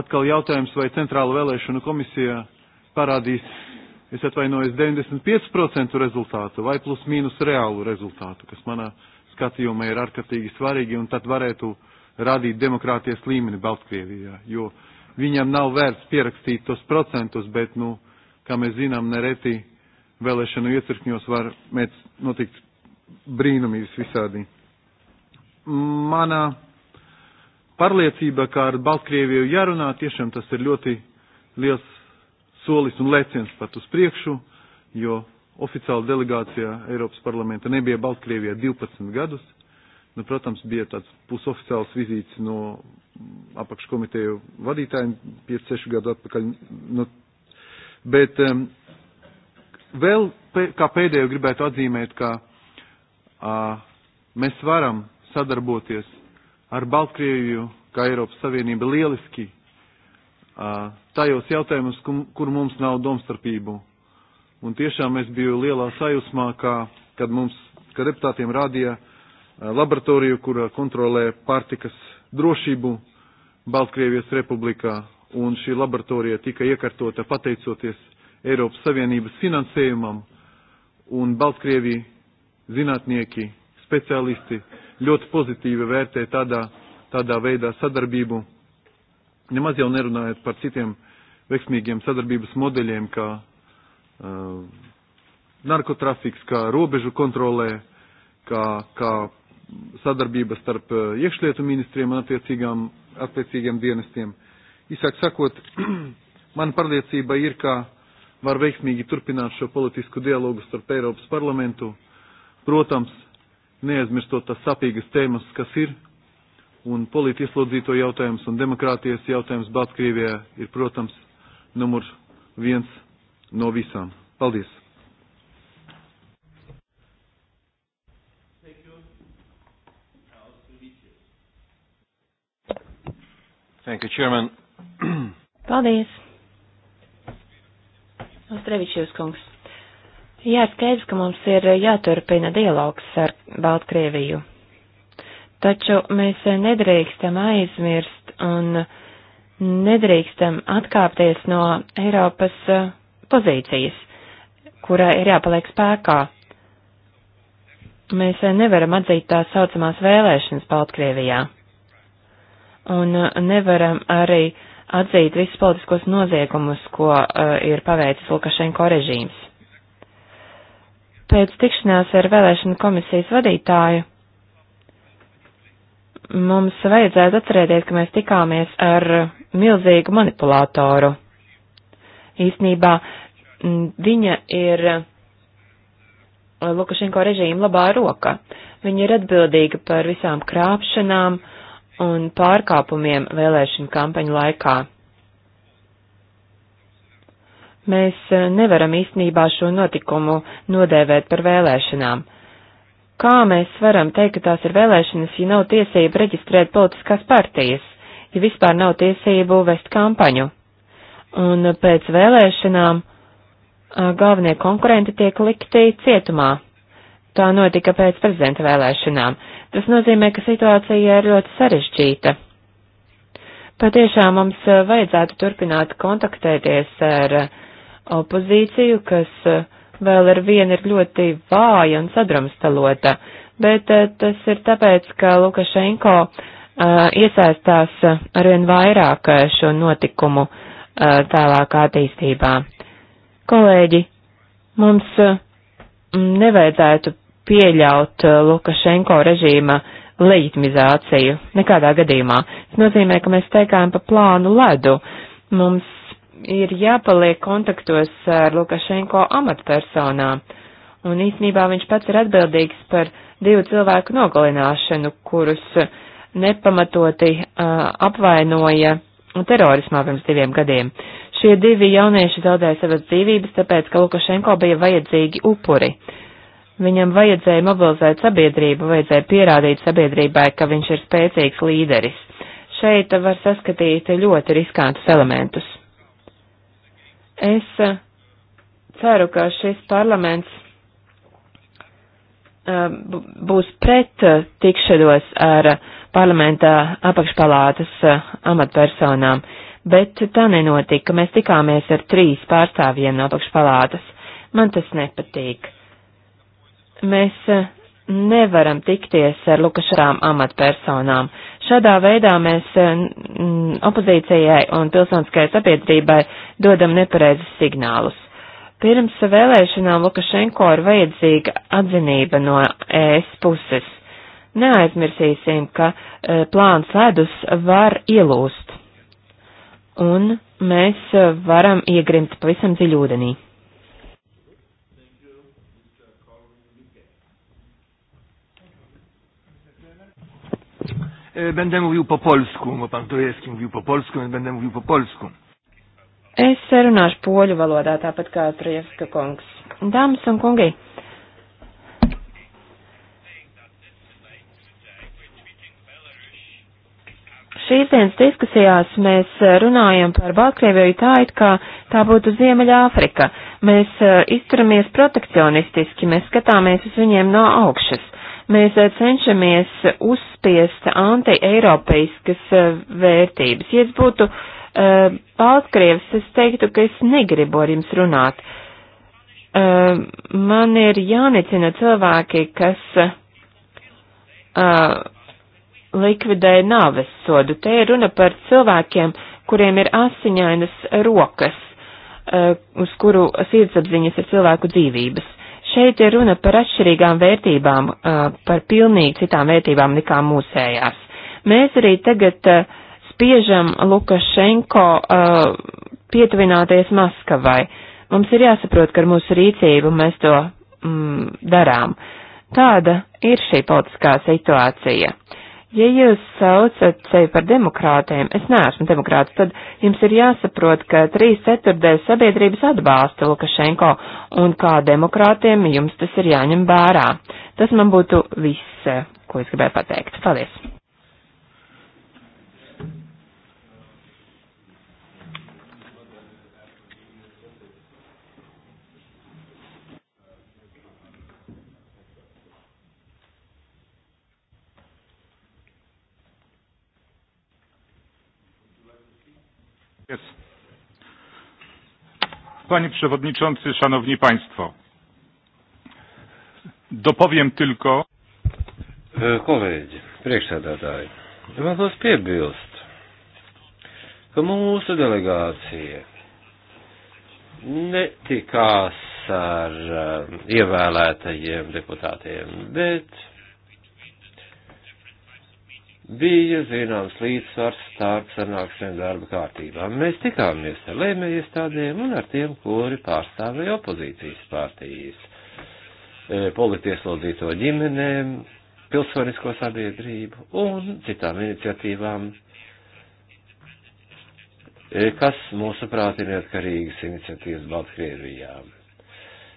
Atkal jautājums, vai Centrāla vēlēšana komisija parādīs, es atvainojos, 95% rezultātu vai plus mīnus reālu rezultātu, kas manā skatījumā ir ārkārtīgi svarīgi un tad varētu radīt demokrātijas līmeni Baltkrievijā. Jo uh, viņam nav vērts pierakstīt tos procentus, bet, nu, kā mēs zinām, nereti vēlēšanu iecirkņos var mēs notikt brīnumīs visādi. Mana pārliecība, kā ar Baltkrieviju jārunā, tiešām tas ir ļoti liels solis un lēciens pat uz priekšu, jo oficiāla delegācija Eiropas parlamenta nebija Baltkrievijā 12 gadus. Nu, protams, bija tāds pusoficiāls vizīts no apakškomiteju vadītājiem 5-6 gadu atpakaļ. Nu, bet um, vēl kā pēdējo gribētu atzīmēt, ka uh, mēs varam sadarboties ar Baltkrieviju, kā Eiropas Savienība, lieliski uh, tajos jautājumos, kur, kur mums nav domstarpību. Un tiešām es biju lielā sajūsmā, kā, kad mums, kad deputātiem rādīja uh, laboratoriju, kura kontrolē pārtikas drošību Baltkrievijas republikā, un šī laboratorija tika iekartota pateicoties Eiropas Savienības finansējumam, un Baltkrievija zinātnieki, speciālisti ļoti pozitīvi vērtē tādā, tādā veidā sadarbību, nemaz jau nerunājot par citiem veiksmīgiem sadarbības modeļiem, kā uh, narkotrafiks, kā robežu kontrolē, kā, kā sadarbība starp eh, iekšlietu ministriem un attiecīgām, attiecīgiem dienestiem. Īsāk sakot, mana pārliecība ir, ka var veiksmīgi turpināt šo politisku dialogu starp Eiropas parlamentu, protams, neaizmirstot tās sapīgas tēmas, kas ir, un politieslodzīto jautājums un demokrātijas jautājums Baltkrievijā ir, protams, numur viens no visām. Paldies!
Thank you, Chairman.
Paldies. Ostrevičs kungs. Jā, skaidrs, ka mums ir jāturpina dialogs ar Baltkrieviju. Taču mēs nedrīkstam aizmirst un nedrīkstam atkāpties no Eiropas pozīcijas, kurai ir jāpaliek spēkā. Mēs nevaram atzīt tā saucamās vēlēšanas Baltkrievijā un uh, nevaram arī atzīt visus politiskos noziegumus, ko uh, ir paveicis Lukašenko režīms. Pēc tikšanās ar vēlēšanu komisijas vadītāju mums vajadzētu atcerēties, ka mēs tikāmies ar milzīgu manipulātoru. Īsnībā mm, viņa ir uh, Lukašenko režīma labā roka. Viņa ir atbildīga par visām krāpšanām, un pārkāpumiem vēlēšanu kampaņu laikā. Mēs e, nevaram īstenībā šo notikumu nodēvēt par vēlēšanām. Kā mēs varam teikt, ka tās ir vēlēšanas, ja nav tiesība reģistrēt politiskās partijas, ja vispār nav tiesību vest kampaņu? Un pēc vēlēšanām e, galvenie konkurenti tiek likti cietumā. Tā notika pēc prezidenta vēlēšanām. Tas nozīmē, ka situācija ir ļoti sarežģīta. Patiešām mums eh, vajadzētu turpināt kontaktēties ar eh, opozīciju, kas eh, vēl ar vienu ir ļoti vāja un sadrumstalota, bet tas ir tāpēc, ka Lukašenko iesaistās arvien vairāk šo notikumu tālākā attīstībā. Kolēģi, mums nevajadzētu pieļaut uh, Lukašenko režīma leģitimizāciju. Nekādā gadījumā. Tas nozīmē, ka mēs teikām pa plānu ledu. Mums ir jāpaliek kontaktos ar Lukašenko amatpersonām. Un īsnībā viņš pats ir atbildīgs par divu cilvēku nogalināšanu, kurus nepamatoti uh, apvainoja terorismā pirms diviem gadiem. Šie divi jaunieši zaudēja savas dzīvības, tāpēc, ka Lukašenko bija vajadzīgi upuri. Uh, Viņam vajadzēja mobilizēt sabiedrību, vajadzēja pierādīt sabiedrībai, ka viņš ir spēcīgs līderis. Šeit var saskatīt ļoti riskantus elementus. Es eh, ceru, ka šis parlaments eh, būs pret tikšanos ar parlamentā apakšpalātas eh, amatpersonām, bet tā nenotika. Mēs tikāmies ar trīs pārstāvjiem no apakšpalātas. Man tas nepatīk. Mēs e, nevaram tikties ar Lukašām amatpersonām. Šādā veidā mēs e, opozīcijai un pilsoniskajai sabiedrībai dodam nepareizus signālus. Pirms vēlēšanām Lukašenko ir vajadzīga atzinība no ES puses. Neaizmirsīsim, ka e, plāns ledus var ielūst, un mēs varam iegrimt pavisam dziļūdenī.
E, będę mówił po polsku, bo pan Turejewski mówił po polsku, więc będę mówił po polsku.
Es runāšu poļu valodā, tāpat kā Trajevska kungs. Dāmas un kungi, šīs dienas diskusijās mēs runājam par Baltkrieviju tā, it kā tā būtu Ziemeļāfrika. Mēs e, izturamies protekcionistiski, mēs skatāmies uz viņiem no augšas. Mēs eh, cenšamies uzspiest anti-eiropeiskas eh, vērtības. Ja es būtu uh, eh, Baltkrievs, es teiktu, ka es negribu ar jums runāt. Uh, man ir jānicina cilvēki, kas uh, likvidē nāves sodu. Te ir runa par cilvēkiem, kuriem ir asiņainas rokas, uz kuru sirdsapziņas ir cilvēku dzīvības. Šeit ir runa par atšķirīgām vērtībām, par pilnīgi citām vērtībām nekā mūsējās. Mēs arī tagad spiežam Lukašenko pietuvināties Maskavai. Mums ir jāsaprot, ka ar mūsu rīcību mēs to mm, darām. Tāda ir šī politiskā situācija. Ja jūs saucat sevi par demokrātiem, es neesmu demokrāts, tad jums ir jāsaprot, ka trīs ceturtdaļas sabiedrības atbalsta Lukašenko, un kā demokrātiem jums tas ir jāņem vērā. Tas man būtu viss, ko es gribēju pateikt. Paldies!
Panie Przewodniczący,
Szanowni Państwo. Dopowiem tylko.
Kolēģi, e, priekšsēdētāji, vēlos piebilst, ka mūsu delegācija netikās ar ievēlētajiem deputātiem, bet bija zināms līdzsvars starp sanāksmēm darba kārtībām. Mēs tikāmies ar lēmējiestādēm un ar tiem, kuri pārstāvēja opozīcijas partijas, e, politieslodzīto ģimenēm, pilsonisko sabiedrību un citām iniciatīvām, e, kas, mūsuprāt, ir neatkarīgas iniciatīvas Baltkrievijā.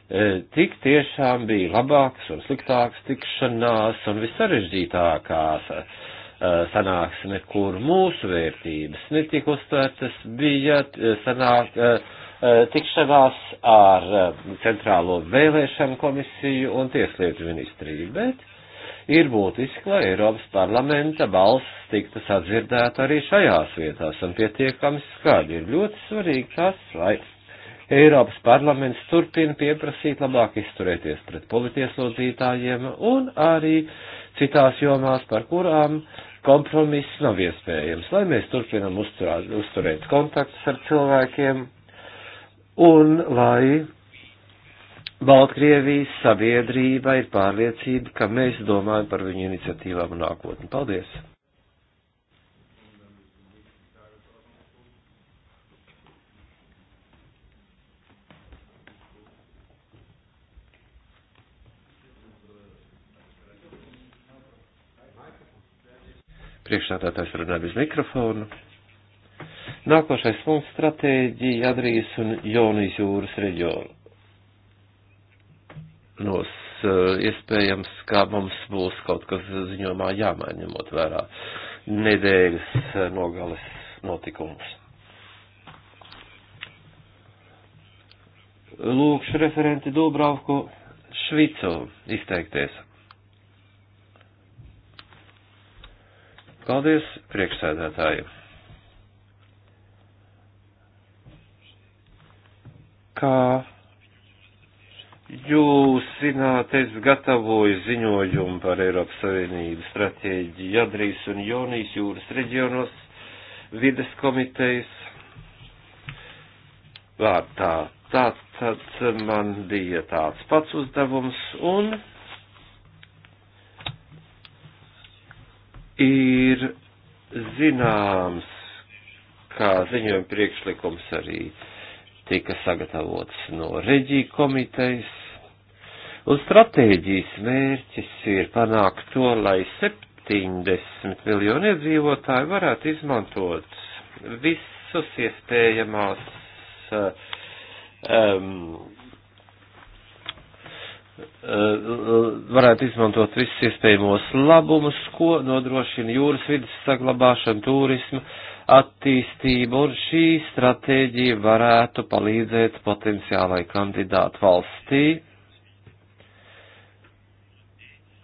E, tik tiešām bija labāks un sliktāks tikšanās un visarežģītākās Eh, sanāksme, kur mūsu vērtības netika uztvērtas, bija eh, sanāk, eh, tikšanās ar Centrālo vēlēšanu komisiju un Tieslietu ministriju, bet ir būtiski, lai Eiropas parlamenta balss tiktu sadzirdēta arī šajās vietās un pietiekami skaļi. Ir ļoti svarīgi tas, lai Eiropas parlaments turpina pieprasīt labāk izturēties pret politieslodzītājiem un arī citās jomās, par kurām kompromiss nav iespējams, lai mēs turpinam uzturāt, uzturēt kontaktus ar cilvēkiem un lai Baltkrievijas sabiedrība ir pārliecība, ka mēs domājam par viņu iniciatīvām un nākotni. Paldies! Priekšstādātājs runā bez mikrofona. Nākošais punkts - stratēģija Adrijas un Jonijas jūras reģionu. Nos, eh, iespējams, kā mums būs kaut kas ziņojumā jāmaina, ņemot vērā nedēļas eh, nogales notikumus. Lūkšu referenti Dubravku Švicu izteikties. Paldies, priekšsēdētāji. Kā Jūs zināt, es gatavoju ziņojumu par Eiropas Savienības stratēģiju Jadrīs un Jonijas jūras reģionos vides komitejas vārtā. Tātad man bija tāds pats uzdevums un Ir zināms, kā ziņojuma priekšlikums arī tika sagatavots no reģija komitejas. Un stratēģijas mērķis ir panākt to, lai 70 miljoni iedzīvotāji varētu izmantot visus iespējamās um, Eh, varētu izmantot visus iespējamos labumus, ko nodrošina jūras vidas saglabāšana, turisma, attīstība, un šī stratēģija varētu palīdzēt potenciālai kandidātu valstī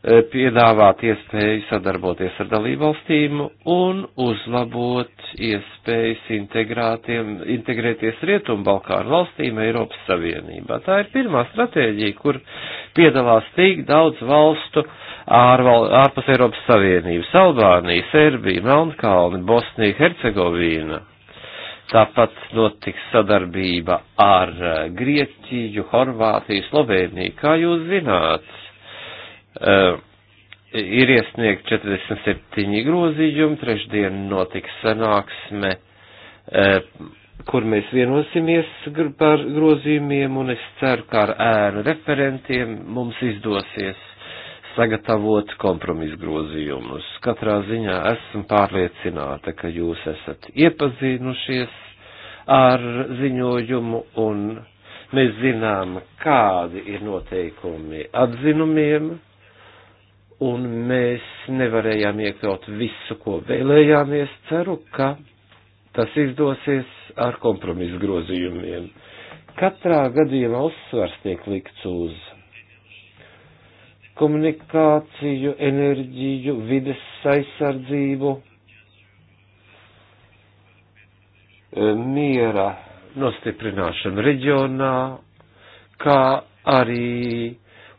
E, piedāvāt iespēju sadarboties ar dalībvalstīm un uzlabot iespējas integrēties Rietumbalkānu valstīm Eiropas Savienībā. Tā ir pirmā stratēģija, kur piedalās tik daudz valstu ārval, ārpus Eiropas Savienības - Albānija, Serbija, Melnkalni, Bosnija, Hercegovīna. Tāpat notiks sadarbība ar e, Grieķiju, Horvātiju, Sloveniju, kā jūs zināt Uh, ir iesniegt 47 grozījumi, trešdien notiks sanāksme, uh, kur mēs vienosimies par grozījumiem, un es ceru, ka ar ēnu referentiem mums izdosies sagatavot kompromisu grozījumus. Katrā ziņā esmu pārliecināta, ka jūs esat iepazinušies ar ziņojumu un mēs zinām, kādi ir noteikumi atzinumiem un mēs nevarējām iekļaut visu, ko vēlējāmies. Ceru, ka tas izdosies ar kompromisu grozījumiem. Katrā gadījumā uzsvars tiek likts uz komunikāciju, enerģiju, vides aizsardzību, miera nostiprināšanu reģionā, kā arī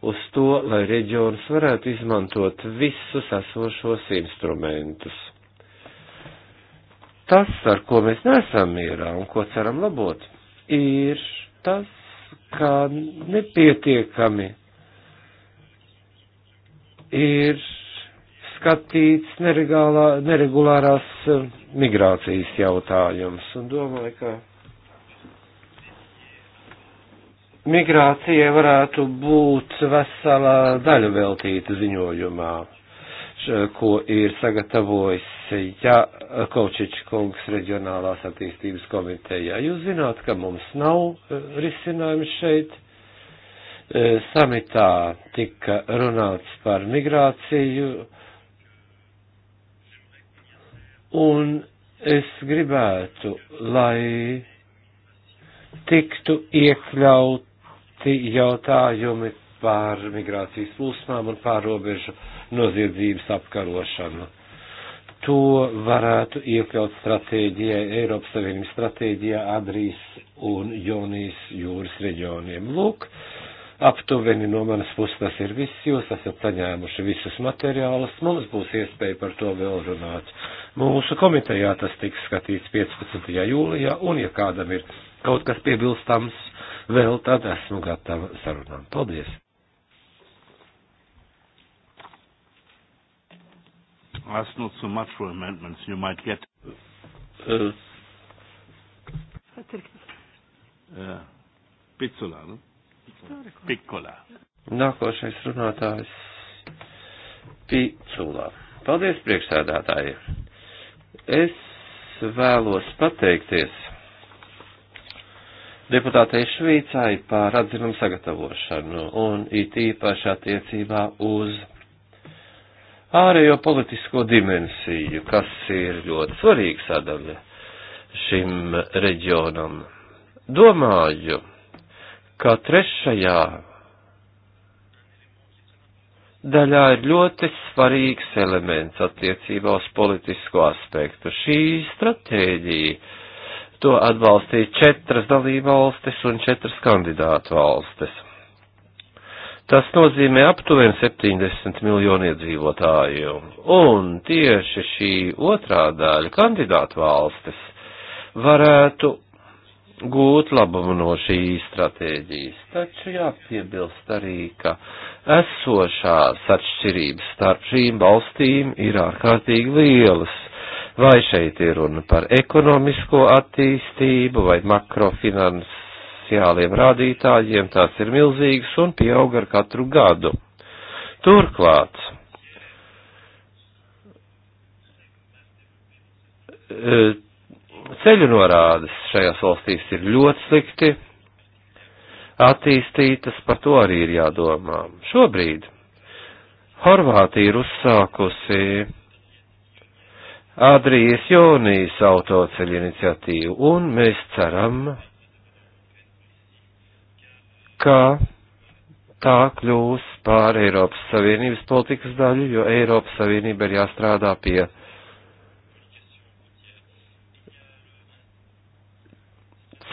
uz to, lai reģions varētu izmantot visus esošos instrumentus. Tas, ar ko mēs nesam mierā un ko ceram labot, ir tas, kā nepietiekami ir skatīts neregulārās migrācijas jautājums un domāju, ka migrācijai varētu būt vesela daļa veltīta ziņojumā, ko ir sagatavojis ja, Kočiņš kungs reģionālās attīstības komitejā. Jūs zināt, ka mums nav e, risinājums šeit. E, samitā tika runāts par migrāciju, un es gribētu, lai tiktu iekļaut citi jautājumi par migrācijas plūsmām un pārobežu noziedzības apkarošanu. To varētu iekļaut stratēģijai, Eiropas Savienības stratēģijā Adrijas un Jonijas jūras reģioniem. Lūk, aptuveni no manas puses tas ir viss, jūs esat saņēmuši visus materiālus, mums būs iespēja par to vēl runāt. Mūsu komitejā tas tiks skatīts 15. jūlijā, un ja kādam ir kaut kas piebilstams, vēl, tad esmu gatava sarunām. Paldies! That's not so much for amendments. You might get. Uh, uh, Piccola, nu? Piccola. Nākošais runātājs Piccola. Paldies, priekšsēdētāji. Es vēlos pateikties deputātei Šveicai par atzinumu sagatavošanu un it īpaši attiecībā uz ārējo politisko dimensiju, kas ir ļoti svarīga sadaļa šim reģionam. Domāju, ka trešajā daļā ir ļoti svarīgs elements attiecībā uz politisko aspektu. Šī stratēģija To atbalstīja četras dalībvalstis un četras kandidātu valstis. Tas nozīmē aptuveni 70 miljonu iedzīvotāju. Un tieši šī otrā daļa kandidātu valstis varētu gūt labumu no šīs stratēģijas. Taču jāpiebilst arī, ka esošās atšķirības starp šīm valstīm ir ārkārtīgi lielas vai šeit ir runa par ekonomisko attīstību vai makrofinansiāliem rādītājiem, tās ir milzīgas un pieaug ar katru gadu. Turklāt, e, ceļu norādes šajās valstīs ir ļoti slikti attīstītas, par to arī ir jādomā. Šobrīd Horvātija ir uzsākusi Adrijas Jūnijas autoceļa iniciatīvu, un mēs ceram, ka tā kļūs pār Eiropas Savienības politikas daļu, jo Eiropas Savienība ir jāstrādā pie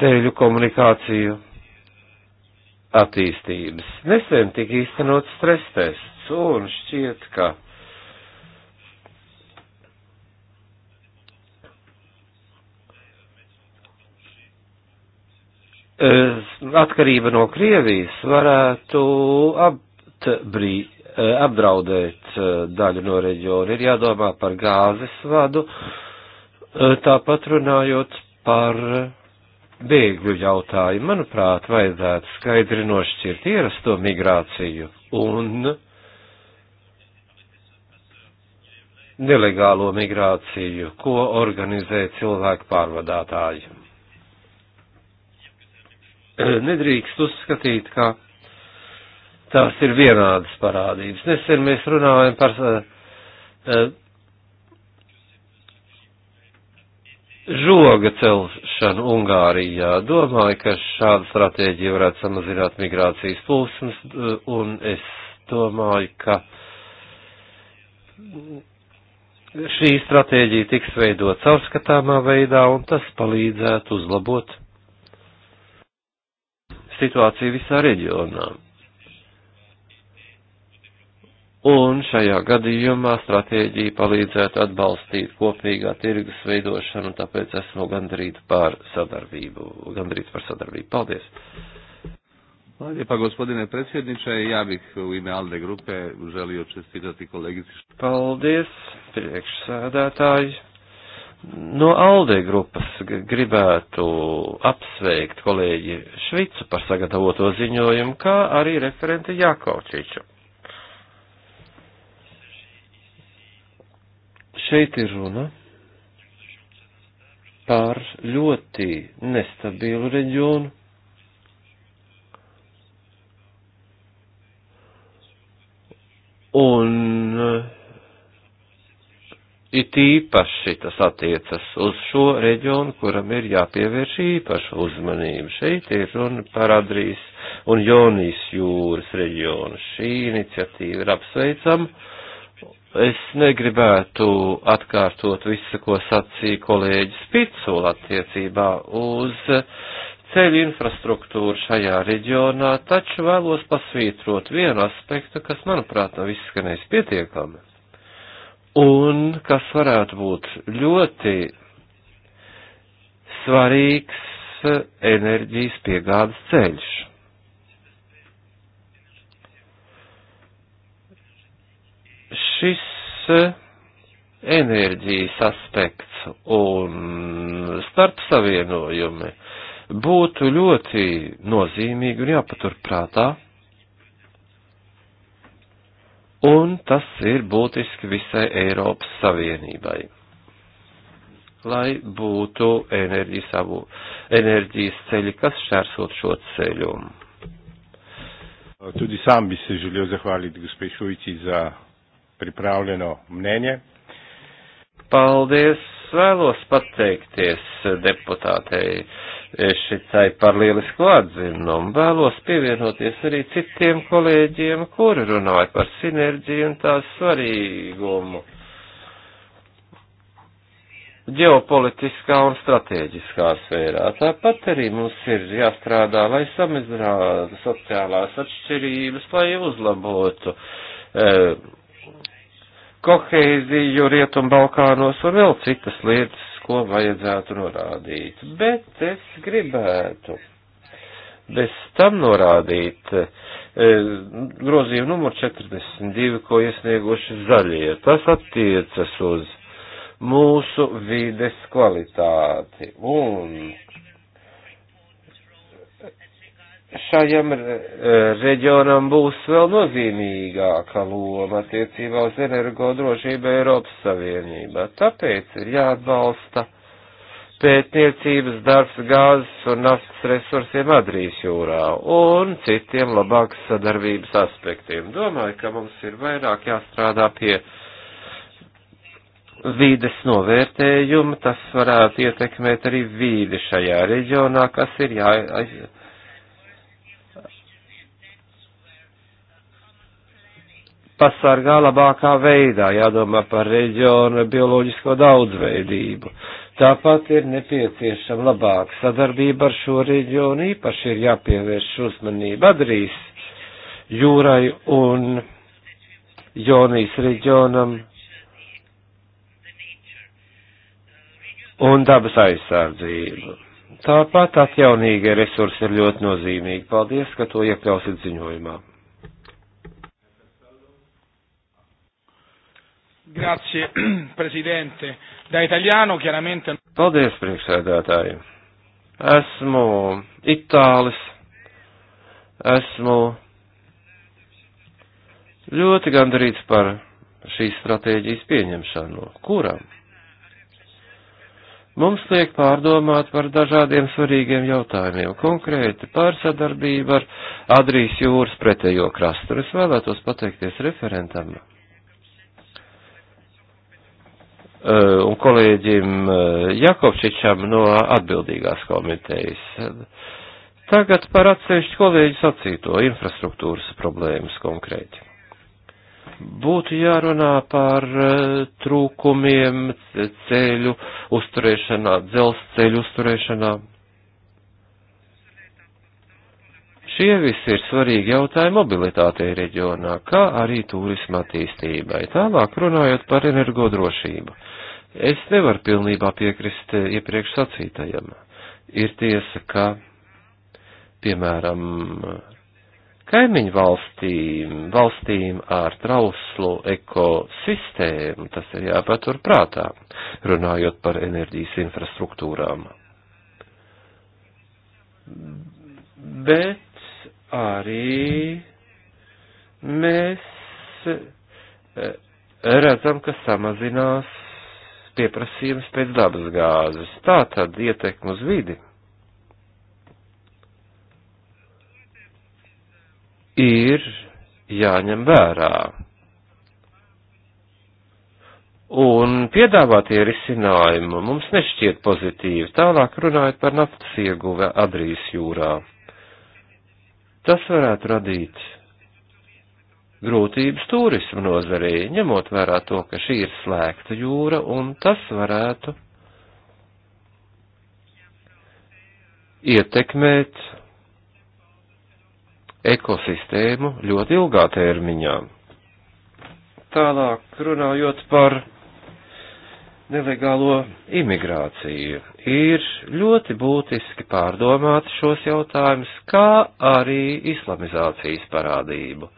ceļu komunikāciju attīstības. Nesen tika īstenots stress tests, un šķiet, ka Eh, atkarība no Krievijas varētu apbrī, eh, apdraudēt eh, daļu no reģiona. Ir jādomā par gāzes vadu, tāpat runājot par bēgļu jautājumu. Manuprāt, vajadzētu skaidri nošķirt ierasto migrāciju un nelegālo migrāciju, ko organizē cilvēku pārvadātāji. nedrīkst uzskatīt, ka tās ir vienādas parādības. Nesen mēs runājam par uh, žoga celšanu Ungārijā. Domāju, ka šāda stratēģija varētu samazināt migrācijas plūsmas, eh, un es domāju, ka šī stratēģija tiks veidot caurskatāmā veidā, un tas palīdzētu uzlabot situāciju visā reģionā. Un šajā gadījumā stratēģija palīdzētu atbalstīt kopīgā tirgus veidošanu, tāpēc esmu gandrīz par sadarbību. Gandrīz par sadarbību. Paldies! Hvala lijepa gospodine predsjedniče. Ja bih u ime Alde grupe želio čestitati kolegici. Paldies, priekšsēdētāji. No Alde grupas gribētu apsveikt kolēģi Švicu par sagatavoto ziņojumu, kā arī referenti Jākaučiču. Šeit ir runa par ļoti nestabilu reģionu, un It īpaši tas attiecas uz šo reģionu, kuram ir jāpievērš īpaša uzmanība. Šeit ir runa par Adrijas un Jonijas jūras reģionu. Šī iniciatīva ir apsveicama. Es negribētu atkārtot visu, ko sacīja kolēģis Picula attiecībā uz ceļu infrastruktūru šajā reģionā, taču vēlos pasvītrot vienu aspektu, kas, manuprāt, nav izskanējis pietiekami un kas varētu būt ļoti svarīgs enerģijas piegādes ceļš. Šis enerģijas aspekts un starp savienojumi būtu ļoti nozīmīgi un jāpatur prātā un tas ir būtiski visai Eiropas Savienībai, lai būtu enerģijas, avu, enerģijas ceļi, kas šķērsot šo ceļu. Tudi sam bi se želel zahvaliti gospe Šujici za pripravljeno mnenje. Paldies vēlos pateikties deputātei šicai par lielisko atzinumu. Vēlos pievienoties arī citiem kolēģiem, kuri runāja par sinerģiju un tās svarīgumu ģeopolitiskā un strateģiskā sfērā. Tāpat arī mums ir jāstrādā, lai samazinātu sociālās atšķirības, lai uzlabotu uh, kohēziju Rietumbalkānos un vēl citas lietas, ko vajadzētu norādīt. Bet es gribētu bez tam norādīt e, grozījumu numur 42, ko iesnieguši zaļie. Tas attiecas uz mūsu vides kvalitāti un šajam e, reģionam būs vēl nozīmīgāka loma attiecībā uz energodrošību Eiropas Savienībā. Tāpēc ir jāatbalsta pētniecības darbs gāzes un naftas resursiem Adrijas jūrā un citiem labākas sadarbības aspektiem. Domāju, ka mums ir vairāk jāstrādā pie vīdes novērtējuma, tas varētu ietekmēt arī vīdi šajā reģionā, kas ir jā, pasargā labākā veidā, jādomā par reģionu bioloģisko daudzveidību. Tāpat ir nepieciešama labāka sadarbība ar šo reģionu, īpaši ir jāpievērš uzmanība Adrijas jūrai un Jonijas reģionam un dabas aizsardzību. Tāpat atjaunīgie resursi ir ļoti nozīmīgi. Paldies, ka to iekļausit ziņojumā.
Grazie, prezidente. Da italiano, chiaramente.
Paldies, priekšsēdētāji. Esmu itālis. Esmu ļoti gandarīts par šīs stratēģijas pieņemšanu. Kuram? Mums liek pārdomāt par dažādiem svarīgiem jautājumiem, konkrēti par sadarbību ar Adrijas jūras pretējo krastu. Es vēlētos pateikties referentam Eh, un kolēģim eh, Jakovčičam no atbildīgās komitejas. Tagad par atsevišķu kolēģi sacīto infrastruktūras problēmas konkrēti. Būtu jārunā par eh, trūkumiem ceļu uzturēšanā, dzelzceļu uzturēšanā. Šie visi ir svarīgi jautājumi mobilitātei reģionā, kā arī turisma attīstībai. Tālāk runājot par energodrošību. Es nevaru pilnībā piekrist eh, iepriekš sacītajam. Ir tiesa, ka, piemēram, kaimiņu valstīm, valstīm ar trauslu ekosistēmu, tas ir jāpatur prātā, runājot par enerģijas infrastruktūrām. Bet arī mēs e, redzam, ka samazinās pieprasījums pēc dabas gāzes. Tā tad ietekme uz vidi ir jāņem vērā. Un piedāvātie risinājumi mums nešķiet pozitīvi, tālāk runājot par naftas ieguve Adrijas jūrā. Tas varētu radīt grūtības turismu nozarē, ņemot vērā to, ka šī ir slēgta jūra, un tas varētu ietekmēt ekosistēmu ļoti ilgā termiņā. Tālāk runājot par nelegālo imigrāciju. Ir ļoti būtiski pārdomāt šos jautājumus, kā arī islamizācijas parādību,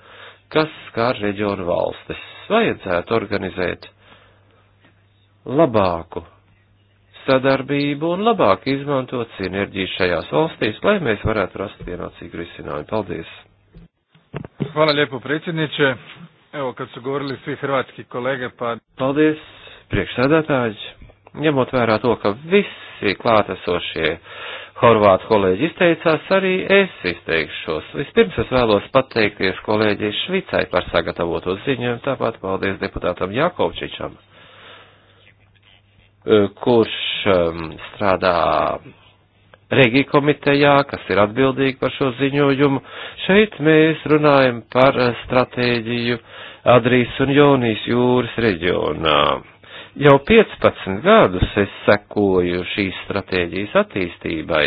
kas skar reģionu valstis. Vajadzētu organizēt labāku sadarbību un labāk izmantot sinerģiju šajās valstīs, lai mēs varētu rast vienācīgu risinājumu. Paldies!
Hvala lijepo predsjedniče. Evo kad su govorili svi hrvatski kolege pa... Paldies
priekšsēdētājs, ņemot vērā to, ka visi klātesošie Horvātu kolēģi izteicās, arī es izteikšos. Vispirms es vēlos pateikties kolēģijai Švicai par sagatavoto ziņojumu, tāpat paldies deputātam Jakovčičam, e, kurš um, strādā Regija komitejā, kas ir atbildīgi par šo ziņojumu. Šeit mēs runājam par e, stratēģiju Adrijas un Jonijas jūras reģionā. Jau 15 gadus es sekoju šīs stratēģijas attīstībai.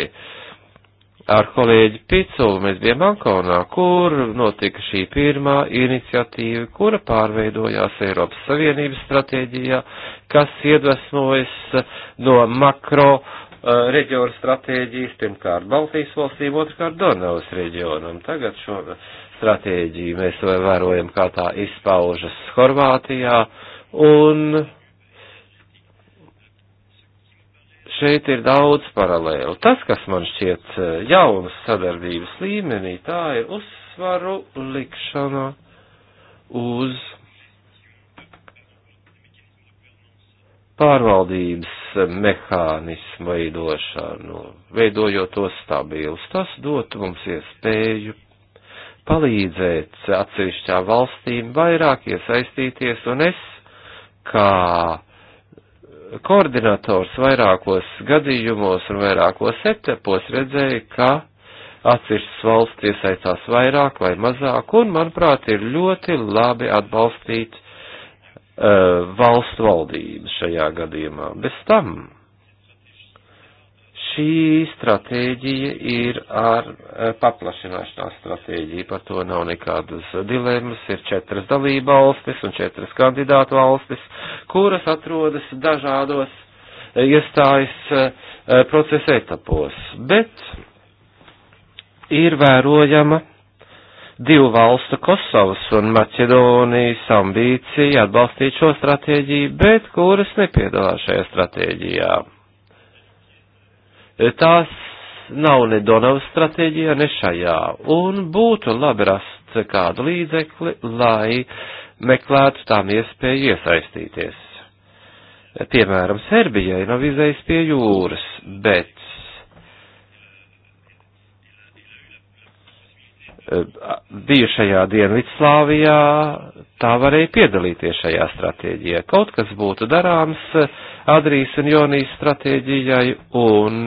Ar kolēģi Piculu mēs bijām Ankonā, kur notika šī pirmā iniciatīva, kura pārveidojās Eiropas Savienības stratēģijā, kas iedvesmojas no makro uh, eh, reģionu stratēģijas, pirmkārt Baltijas valstīm, otrkārt Donavas reģionam. Tagad šo stratēģiju mēs vērojam, kā tā izpaužas Horvātijā, un šeit ir daudz paralēlu. Tas, kas man šķiet e, jaunas sadarbības līmenī, tā ir uzsvaru likšana uz pārvaldības mehānismu veidošanu, veidojot to stabilus. Tas dotu mums iespēju palīdzēt atsevišķām valstīm vairāk iesaistīties, un es, kā koordinators vairākos gadījumos un vairākos etapos redzēja, ka atsevišķas valsts iesaistās vairāk vai mazāk, un, manuprāt, ir ļoti labi atbalstīt uh, valstu valdības šajā gadījumā. Bez tam šī stratēģija ir ar eh, paplašināšanās stratēģiju, par to nav nekādas dilemmas, ir četras dalība valstis un četras kandidātu valstis, kuras atrodas dažādos eh, iestājas eh, procesa etapos, bet ir vērojama divu valstu Kosovas un Maķedonijas ambīcija atbalstīt šo stratēģiju, bet kuras nepiedalās šajā stratēģijā Tās nav ne Donavas stratēģijā, ne šajā, un būtu labi rast kādu līdzekli, lai meklētu tām iespēju iesaistīties. Piemēram, Serbijai nav izējis pie jūras, bet bijušajā Dienvidslāvijā, tā varēja piedalīties šajā stratēģijā. Kaut kas būtu darāms eh, Adrijas un Jonijas stratēģijai, un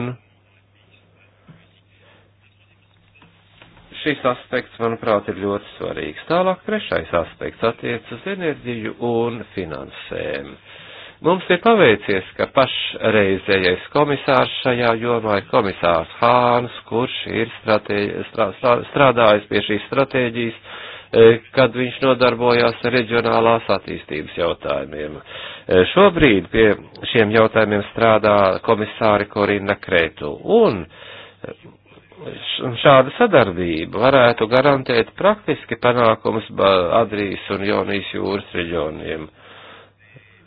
šis aspekts, manuprāt, ir ļoti svarīgs. Tālāk trešais aspekts attiec uz enerģiju un finansēm. Uh, Mums ir paveicies, ka pašreizējais komisārs šajā jomā ir komisārs Hāns, kurš ir strā, strādājis pie šīs stratēģijas, e, kad viņš nodarbojās ar reģionālās attīstības jautājumiem. E, šobrīd pie šiem jautājumiem strādā komisāri Korina Kretu. Un e, šāda sadarbība varētu garantēt praktiski panākumus Adrijas un Jonijas jūras reģioniem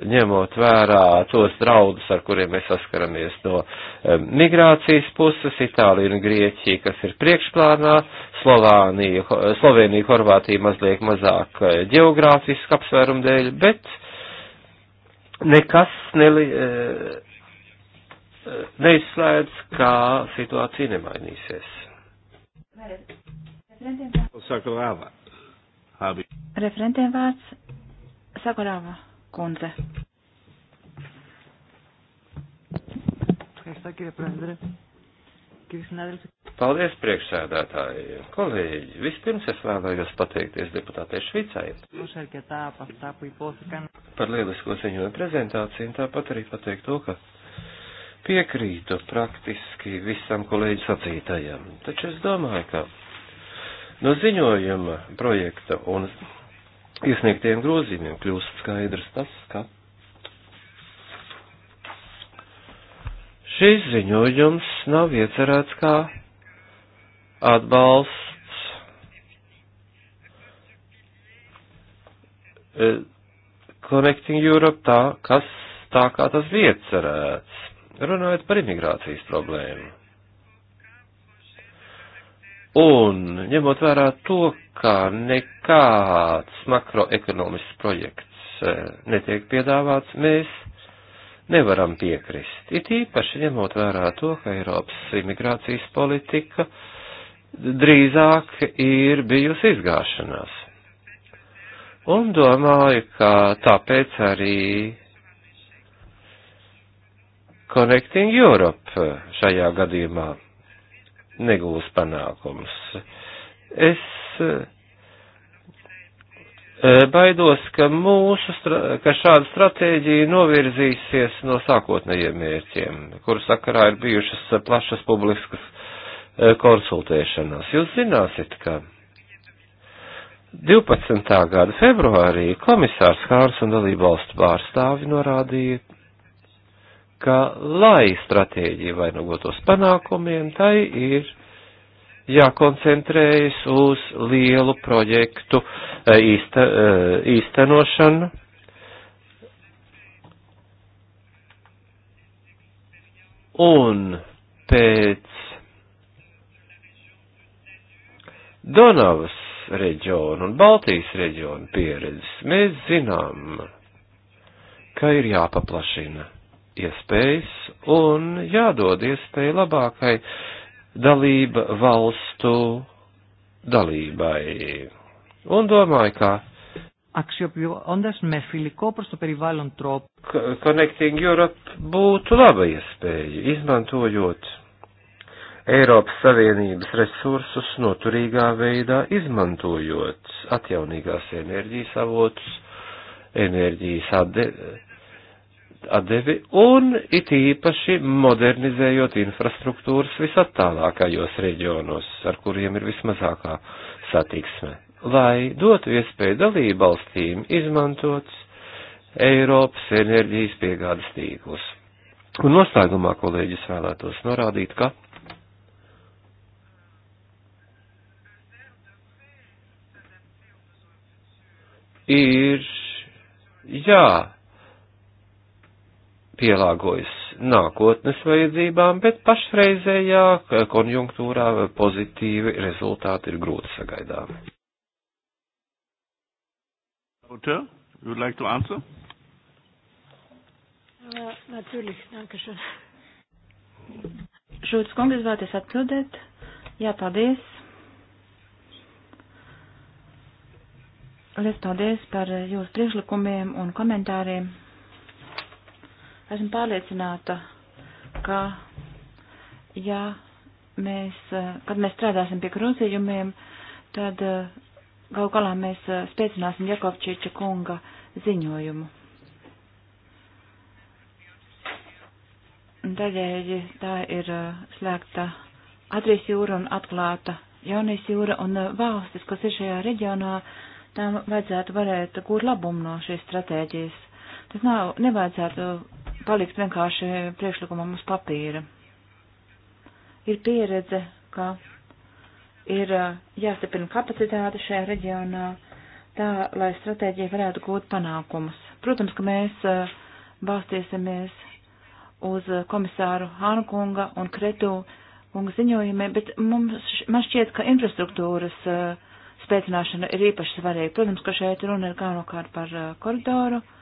ņemot vērā tos draudus, ar kuriem mēs saskaramies no um, migrācijas puses, Itālija un Grieķija, kas ir priekšplānā, Slovānija, Slovenija, Horvātija mazliet mazāk eh, geogrāfiski apsvērumu dēļ, bet nekas neli, eh, eh, neizslēdz, kā situācija nemainīsies.
Referentiem vārds. Sakurāva kundze.
Ευχαριστώ κύριε Πρόεδρε.
Κύριε συνάδελφε.
Paldies, priekšsēdētāji, kolēģi. Vispirms es vēlējos pateikties deputātei Švicai. Par lielisko ziņojumu prezentāciju un tāpat arī pateikt to, ka piekrītu praktiski visam kolēģi sacītajam. Taču es domāju, ka no ziņojuma projekta un iesniegtiem grozījumiem kļūst skaidrs tas, ka šīs ziņojums nav iecerēts kā atbalsts e, Connecting Europe tā, kas tā kā tas bija iecerēts, runājot par imigrācijas problēmu. Un ņemot vērā to, ka nekāds makroekonomisks projekts eh, netiek piedāvāts, mēs nevaram piekrist. It īpaši ņemot vērā to, ka Eiropas imigrācijas politika drīzāk ir bijusi izgāšanās. Un domāju, ka tāpēc arī Connecting Europe šajā gadījumā negūs panākumus. Es eh, baidos, ka mūsu, ka šāda stratēģija novirzīsies no sākotnējiem mērķiem, kuru sakarā ir bijušas plašas publiskas eh, konsultēšanās. Jūs zināsiet, ka 12. gada februārī komisārs Kārs un dalību valstu pārstāvi norādīja, ka, lai stratēģija vainagotos panākumiem, tai ir jākoncentrējas uz lielu projektu eh, īsta, eh, īstenošanu. Un pēc Donavas reģiona un Baltijas reģiona pieredzes mēs zinām, ka ir jāpaplašina iespējas un jādod iespēja labākai dalība valstu dalībai. Un domāju, ka αξιοποιώντας με φιλικό προς το περιβάλλον τρόπο. Connecting Europe būtu laba iespēja, izmantojot Eiropas Savienības resursus noturīgā veidā, izmantojot atjaunīgās enerģijas avotus, enerģijas atde, atdevi un it īpaši modernizējot infrastruktūras visattālākajos reģionos, ar kuriem ir vismazākā satiksme, lai dotu iespēju dalībvalstīm izmantot Eiropas enerģijas piegādes tīklus. Un noslēgumā kolēģis vēlētos norādīt, ka ir jā pielāgojas nākotnes vajadzībām, bet pašreizējā konjunktūrā pozitīvi rezultāti ir grūti sagaidām.
Autor, you would like to answer?
Ja, natürlich, danke schön.
Šūtas kungs, vēlaties atbildēt? Jā, paldies. Liels paldies par jūsu priekšlikumiem un komentāriem. Esmu pārliecināta, ka, ja mēs, kad mēs strādāsim pie grozījumiem, tad gal galā mēs eh, spēcināsim Jakovčiča kunga ziņojumu. Daļēji tā ir eh, slēgta Adrijas jūra un atklāta Jaunijas jūra un eh, valstis, kas ir šajā reģionā, tām vajadzētu varēt gūt labumu no šīs stratēģijas. Tas nav, nevajadzētu palikt vienkārši priekšlikumam uz papīra. Ir pieredze, ka ir uh, jāstiprina kapacitāte šajā reģionā, tā, lai stratēģija varētu gūt panākumus. Protams, ka mēs uh, balstīsimies uz uh, komisāru Hānkunga un Kretu kunga ziņojumiem, bet mums, man šķiet, ka infrastruktūras spēcināšana ir īpaši svarīga. Protams, ka šeit runa ir galvenokārt par koridoru. Uh,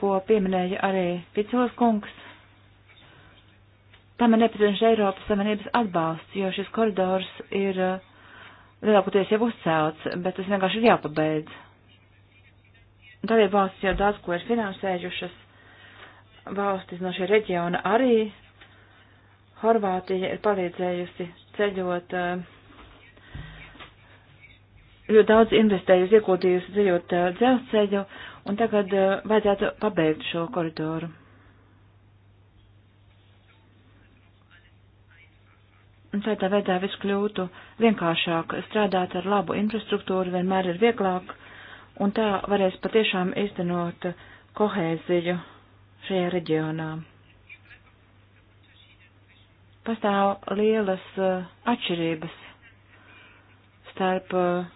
ko pieminēja arī Picos kungs. Tam ir nepieciešams Eiropas Savienības atbalsts, jo šis koridors ir uh, lielākoties jau uzcelts, bet tas vienkārši ir jāpabeidz. Dalība valstis jau daudz ko ir finansējušas, valstis no šī reģiona arī. Horvātija ir palīdzējusi ceļot, uh, ļoti daudz investējusi, ieguldījusi ceļot uh, dzelzceļu, Un tagad eh, vajadzētu pabeigt šo koridoru. Un tādā veidā viss kļūtu vienkāršāk. Strādāt ar labu infrastruktūru vienmēr ir vieglāk, un tā varēs patiešām iztenot kohēziju šajā reģionā. Pastāv lielas uh, atšķirības starp uh,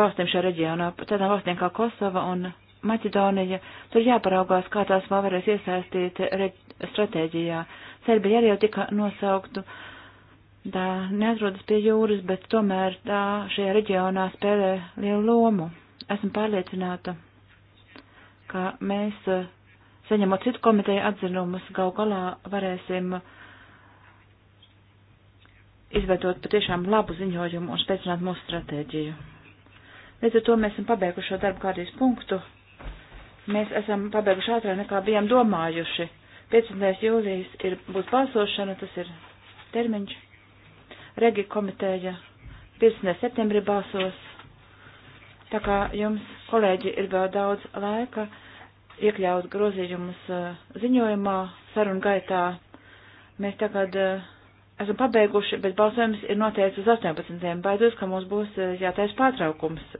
valstīm šajā reģionā, tādām valstīm kā Kosova un Maķedonija, tur jāparaugās, kā tās vēl varēs iesaistīt stratēģijā. Serbija arī jau tika nosauktu, tā neatrodas pie jūras, bet tomēr tā šajā reģionā spēlē lielu lomu. Esmu pārliecināta, ka mēs, eh, saņemot citu komiteju atzinumus, gal galā varēsim eh, izveidot patiešām labu ziņojumu un spēcināt mūsu stratēģiju. Līdz ar to mēs esam pabeiguši šo darbu kārtības punktu. Mēs esam pabeiguši ātrāk nekā bijām domājuši. 15. jūlijas ir, būs balsošana, tas ir termiņš. Regi komiteja 15. septembrī balsos. Tā kā jums, kolēģi, ir vēl daudz laika iekļaut grozījumus uh, ziņojumā, sarunu gaitā. Mēs tagad uh, esam pabeiguši, bet balsojums ir noteikts uz 18. Baidos, ka mums būs uh, jātais pārtraukums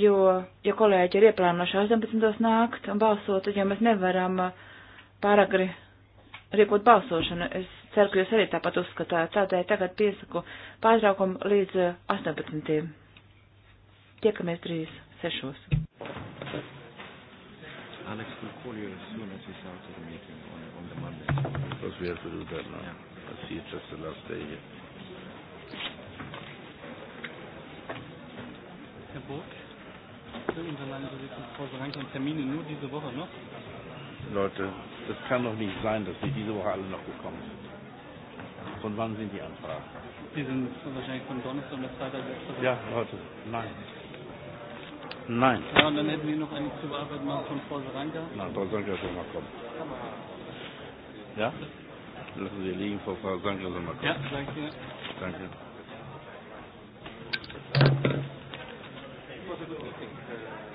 jo, ja kolēģi ir ieplānojuši 18. nākt un balsot, tad jau mēs nevaram uh, pāragri rīkot balsošanu. Es ceru, ka jūs arī tāpat uzskatāt. Tādēļ tagad piesaku pārtraukumu līdz 18. Uh, Tiekamies drīz sešos.
Alex will call you as soon as he's out of the meeting on, on the Monday. Because we have to do that now. Yeah. I see it's just the last day here.
Herr Burg? diese Unterlagen so wirklich vorgerankt und Termine nur diese Woche noch?
Leute, das kann doch nicht sein, dass die
diese Woche alle noch gekommen sind. Von wann sind die Anfragen?
Die sind wahrscheinlich von Donnerstag und Freitag letzte Woche. Ja,
Leute, nein. Nein.
Ja, und dann hätten wir
noch eine zu bearbeiten machen von Frau Saranka. Na, Frau Saranka soll mal kommen. Ja?
Lassen Sie liegen, Frau Saranka soll mal kommen. Ja, danke. Danke. think uh,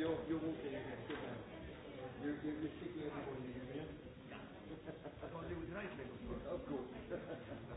you're, you're walking again, good man. You're, you're, you're kicking everybody in, yeah? well, you was right, of course.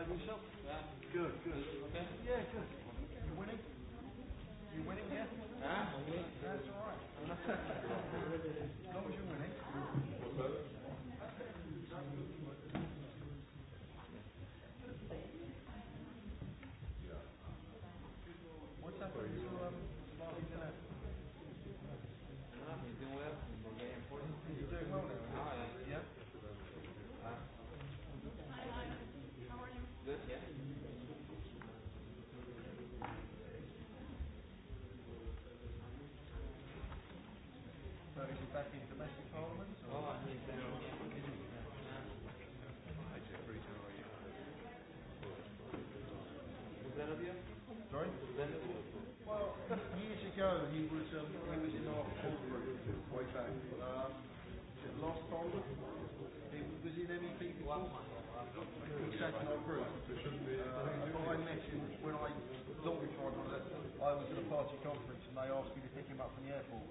inside yourself? Yeah. Good, good. Okay? Yeah, good. You're winning? You're winning, yeah? Huh? That's all right. as long as you're winning. What's that? Serbia? Sorry? Well, years ago he was um, he was in our whole group way back. Um, last time he was in MEP before. He sat in our group. Uh, I met him when I long before I left. I was at a party conference and they asked me to pick him up from the airport.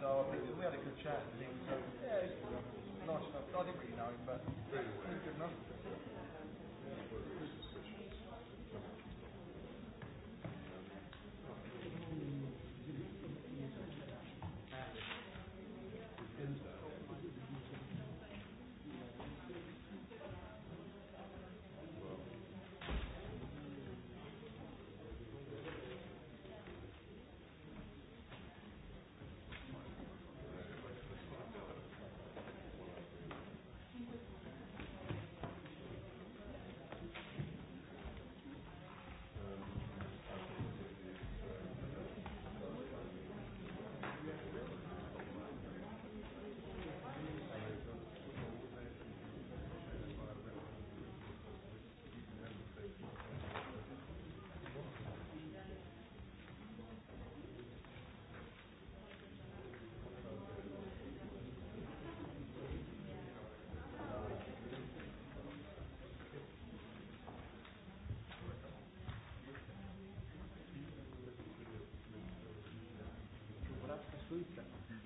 So I think we had a good chat and he was um, yeah, nice enough. I didn't really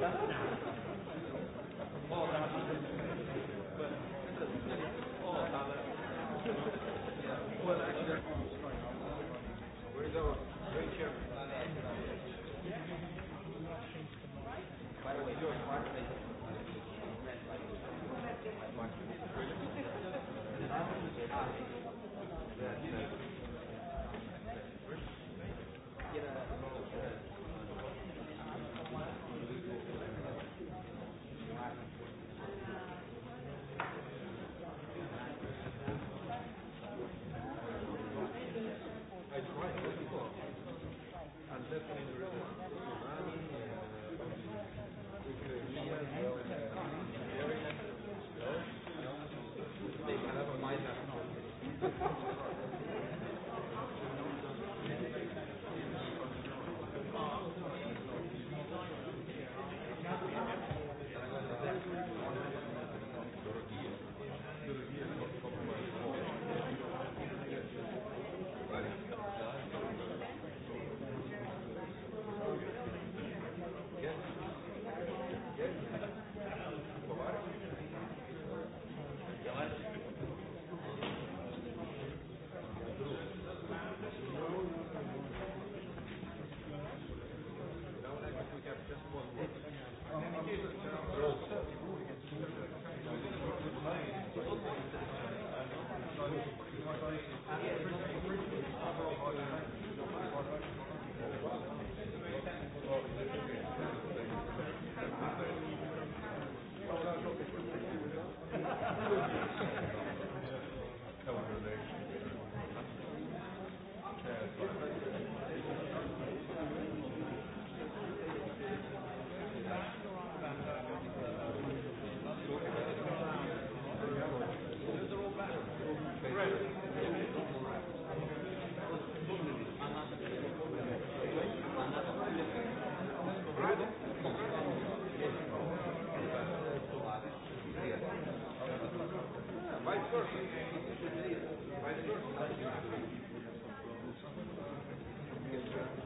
Thank you.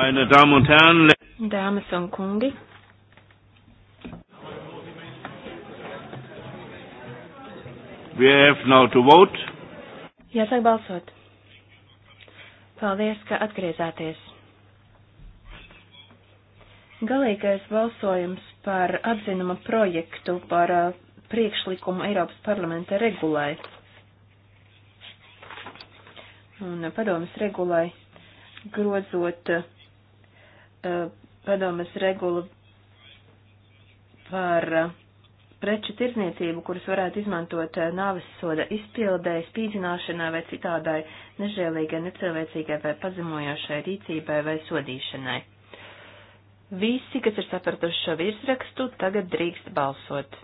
Meine
Damen und Herren,
Dāmas un kungi.
We have now to vote.
Jāsāk balsot. Paldies, ka atgriezāties. Galīgais balsojums par atzinuma projektu par uh, priekšlikumu Eiropas parlamenta regulai un uh, padomas regulai grozot uh, Eh, padomas regula par eh, preču tirzniecību, kuras varētu izmantot eh, nāves soda izpildē, spīdzināšanai vai citādai nežēlīgai, necilvēcīgai vai pazemojošai rīcībai vai sodīšanai. Visi, kas ir sapratuši šo virsrakstu, tagad drīkst balsot.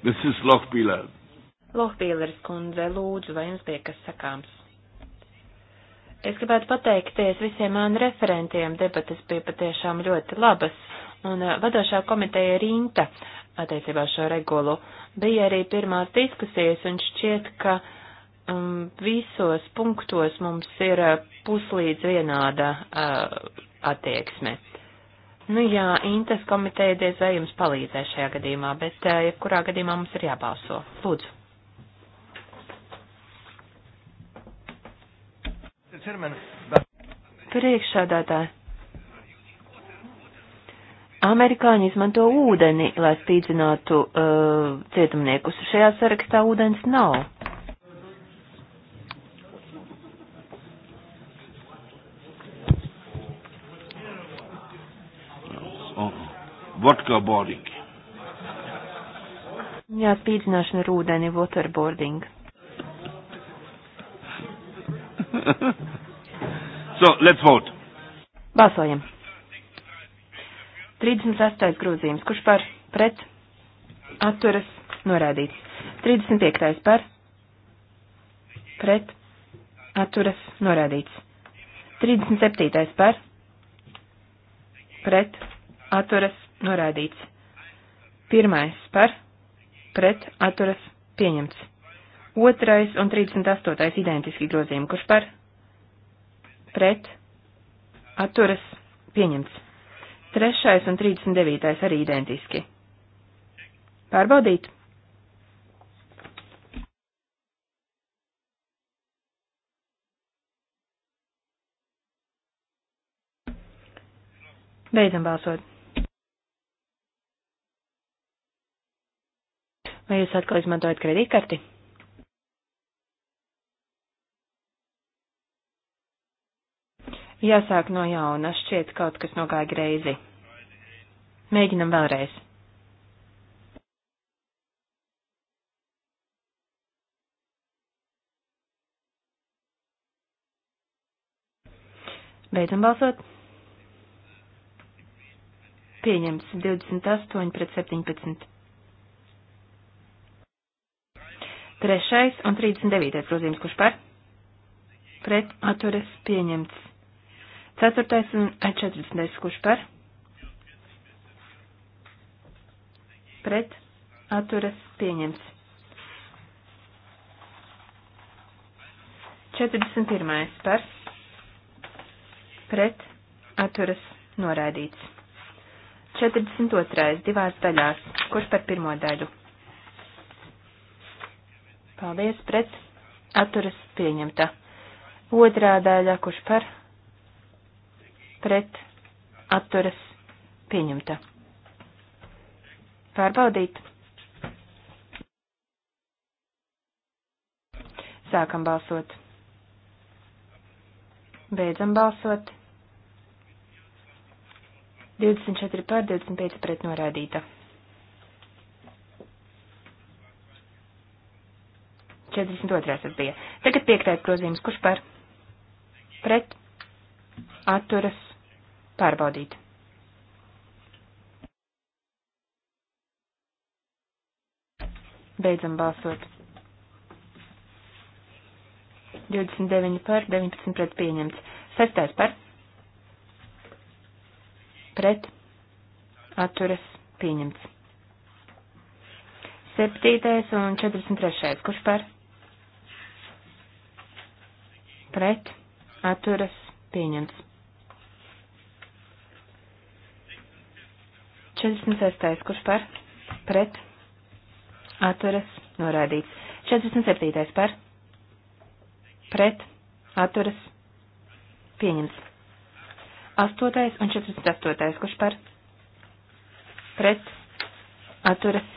This is Lohbīlers.
Lohbīlers kundze, lūdzu, vai jums bija kas sakāms? Es gribētu pateikties visiem man referentiem. Debates bija patiešām ļoti labas. Un vadošā komiteja Rinta attiecībā šo regulu bija arī pirmās diskusijas un šķiet, ka um, visos punktos mums ir puslīdz vienāda uh, attieksme. Nu jā, Intas komiteja diez vai jums palīdzēs šajā gadījumā, bet uh, jebkurā gadījumā mums ir jābalso. Lūdzu. Priekšsādātāji. Amerikāņi izmanto ūdeni, lai spīdzinātu uh, cietumniekus. Šajā sarakstā ūdens nav.
Oh, Vodkaboarding.
Jā, spīdzināšana ar ūdeni, waterboarding.
So, let's vote.
Balsojam. 36. grozījums. Kurš par? Pret? Atturas? Norādīts. 35. par? Pret? Atturas? Norādīts. 37. par? Pret? Atturas? Norādīts. 1. par? Pret? Atturas? Pieņemts. 2. un 38. identiski grozījumi. Kurš par? pret, atturas, pieņemts. Trešais un 39. arī identiski. Pārbaudīt. Beidzam balsot. Vai jūs atkal izmantojat kredītkarti? jāsāk no jauna, šķiet kaut kas nogāja greizi. Mēģinam vēlreiz. Beidzam balsot. Pieņemts 28 pret 17. Trešais un 39. grozījums, kurš par? Pret atturas pieņemts. 4. un 40. kurš par? Pret atturas pieņemts. 41. par pret atturas noraidīts. 42. divās daļās. Kurš par pirmo daļu? Paldies, pret atturas pieņemta. Otrā daļa, kurš par pret atturas pieņemta. Pārbaudīt. Sākam balsot. Beidzam balsot. 24 pār 25 pret norādīta. 42. tas bija. Tagad piektais grozījums. Kurš par? Pret. Atturas pārbaudīt. Beidzam balsot. 29 par, 19 pret pieņemts. Sestais par. Pret. Atturas pieņemts. Septītais un 43. Kurš par? Pret. Atturas pieņemts. 46. kurš par pret atturas norādīts. 47. par pret atturas pieņemts. 8. un 48. kurš par pret atturas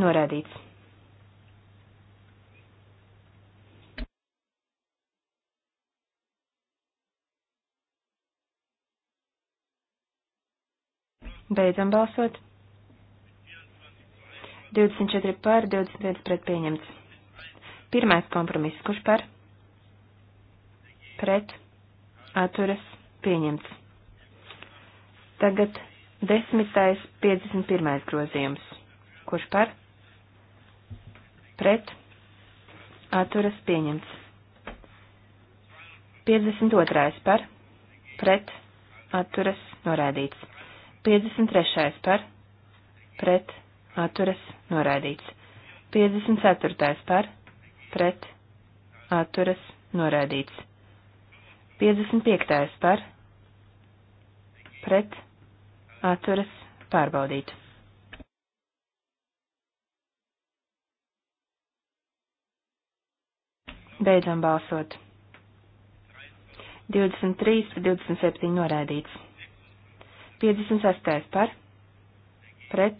norādīts. Beidzam balsot. 24 pār, 21 pret pieņemts. Pirmais kompromiss, kurš par? Pret, atturas, pieņemts. Tagad desmitais, 51 grozījums. Kurš par? Pret, atturas, pieņemts. 52 par? Pret, atturas, norādīts. 53. par pret atturas noraidīts. 54. par pret atturas noraidīts. 55. par pret atturas pārbaudīt. Beidzam balsot. 23, 27 norādīts. 56. par, pret,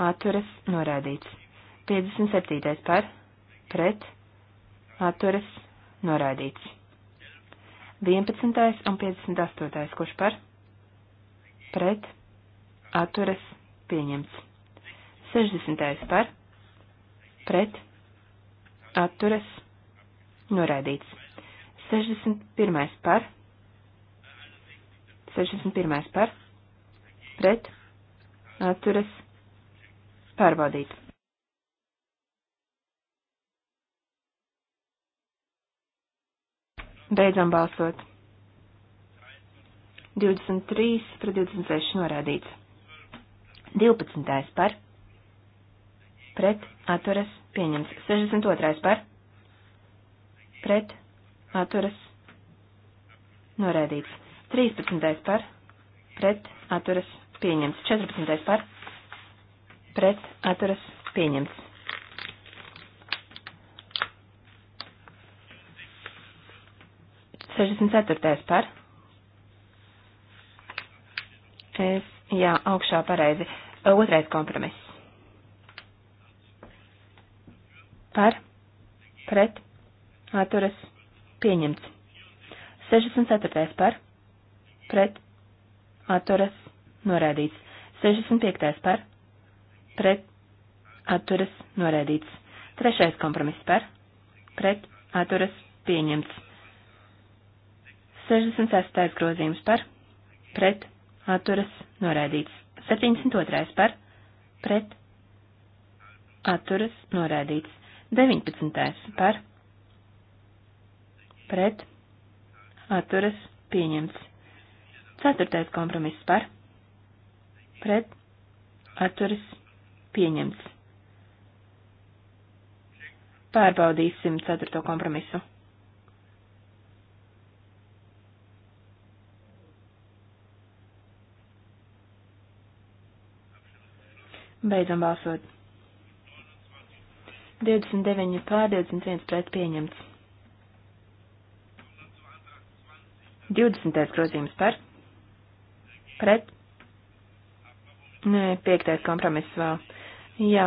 atturas, norādīts. 57. par, pret, atturas, norādīts. 11. un 58. kurš par, pret, atturas, pieņemts. 60. par, pret, atturas, norādīts. 61. par, 61. par, pret, atturas, pārbaudīt. Beidzam balsot. 23 pret 26 norādīts. 12. par, pret, atturas, pieņems. 62. par, pret, atturas, norādīts. 13. par pret atturas pieņemts. 14. par pret atturas pieņemts. Sešdesmit ceturtais par. Es, jā, augšā pareizi. Otrais kompromiss. Par, pret, atturas, pieņemts. 64. par, pret atturas norēdīts. 65. par pret atturas norēdīts. Trešais kompromiss par pret atturas pieņemts. 66. grozījums par pret atturas norēdīts. 72. par pret atturas norēdīts. 19. par pret atturas pieņemts. Ceturtais kompromiss par, pret, atturas, pieņemts. Pārbaudīsim ceturto kompromisu. Beidzam balsot. 29 pār 21 pret pieņemts. 20. grozījums par Pret. Nē, piektais kompromiss vēl. Jā,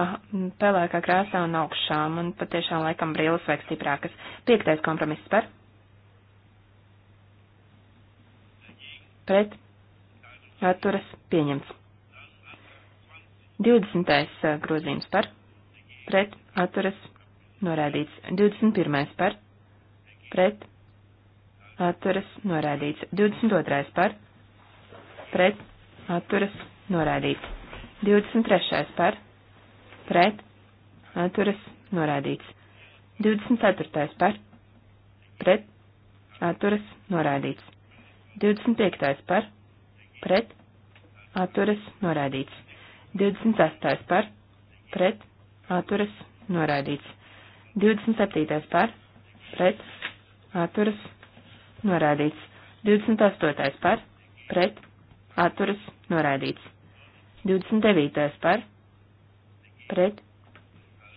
pelēkā krāsā un augšā. Man patiešām laikam brīlis vajag stiprākas. Piektais kompromiss par. Pret. Atturas pieņemts. 20. Eh, grozījums par. Pret. Atturas norādīts. 21. par. Pret. Atturas norādīts. 22. par pret, atturas, norādīts. 23. par, pret, atturas, norādīts. 24. par, pret, atturas, norādīts. 25. par, pret, atturas, norādīts. 28. par, pret, atturas, norādīts. 27. par, pret, atturas, norādīts. 28. par, pret, atturas noraidīts. 29. par pret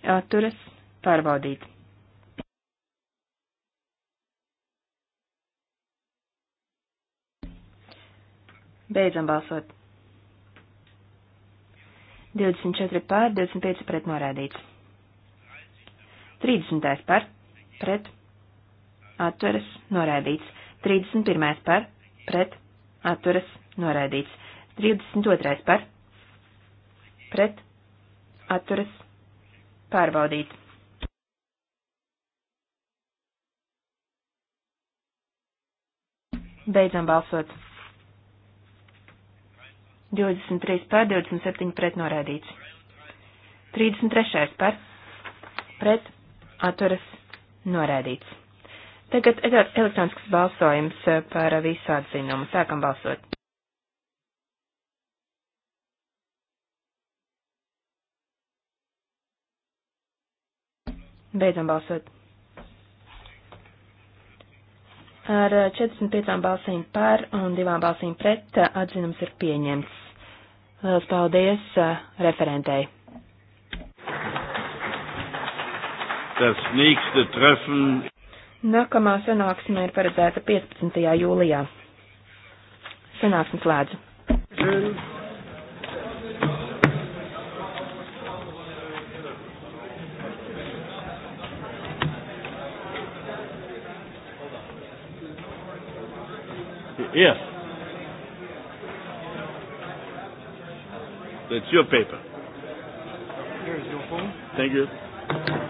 atturas pārbaudīt. Beidzam balsot. 24 pār, 25 pret norādīts. 30. par, pret, atturas, norādīts. 31. par, pret, atturas, noraidīts. 32. par, pret, atturas, pārbaudīt. Beidzam balsot. 23 par, 27 pret noraidīts. 33 par, pret, atturas, noraidīts. Tagad elektronisks balsojums eh, par visu atzinumu. Sākam balsot. Beidzam balsot. Ar 45 balsīm par un divām balsīm pret atzinums ir pieņemts. Lielas paldies uh, referentei.
Tas nīksta trefen.
Nākamā sanāksme ir paredzēta 15. jūlijā. Sanāksmes lēdzu. Mm.
Here. That's your paper.
Here's your phone. Thank you.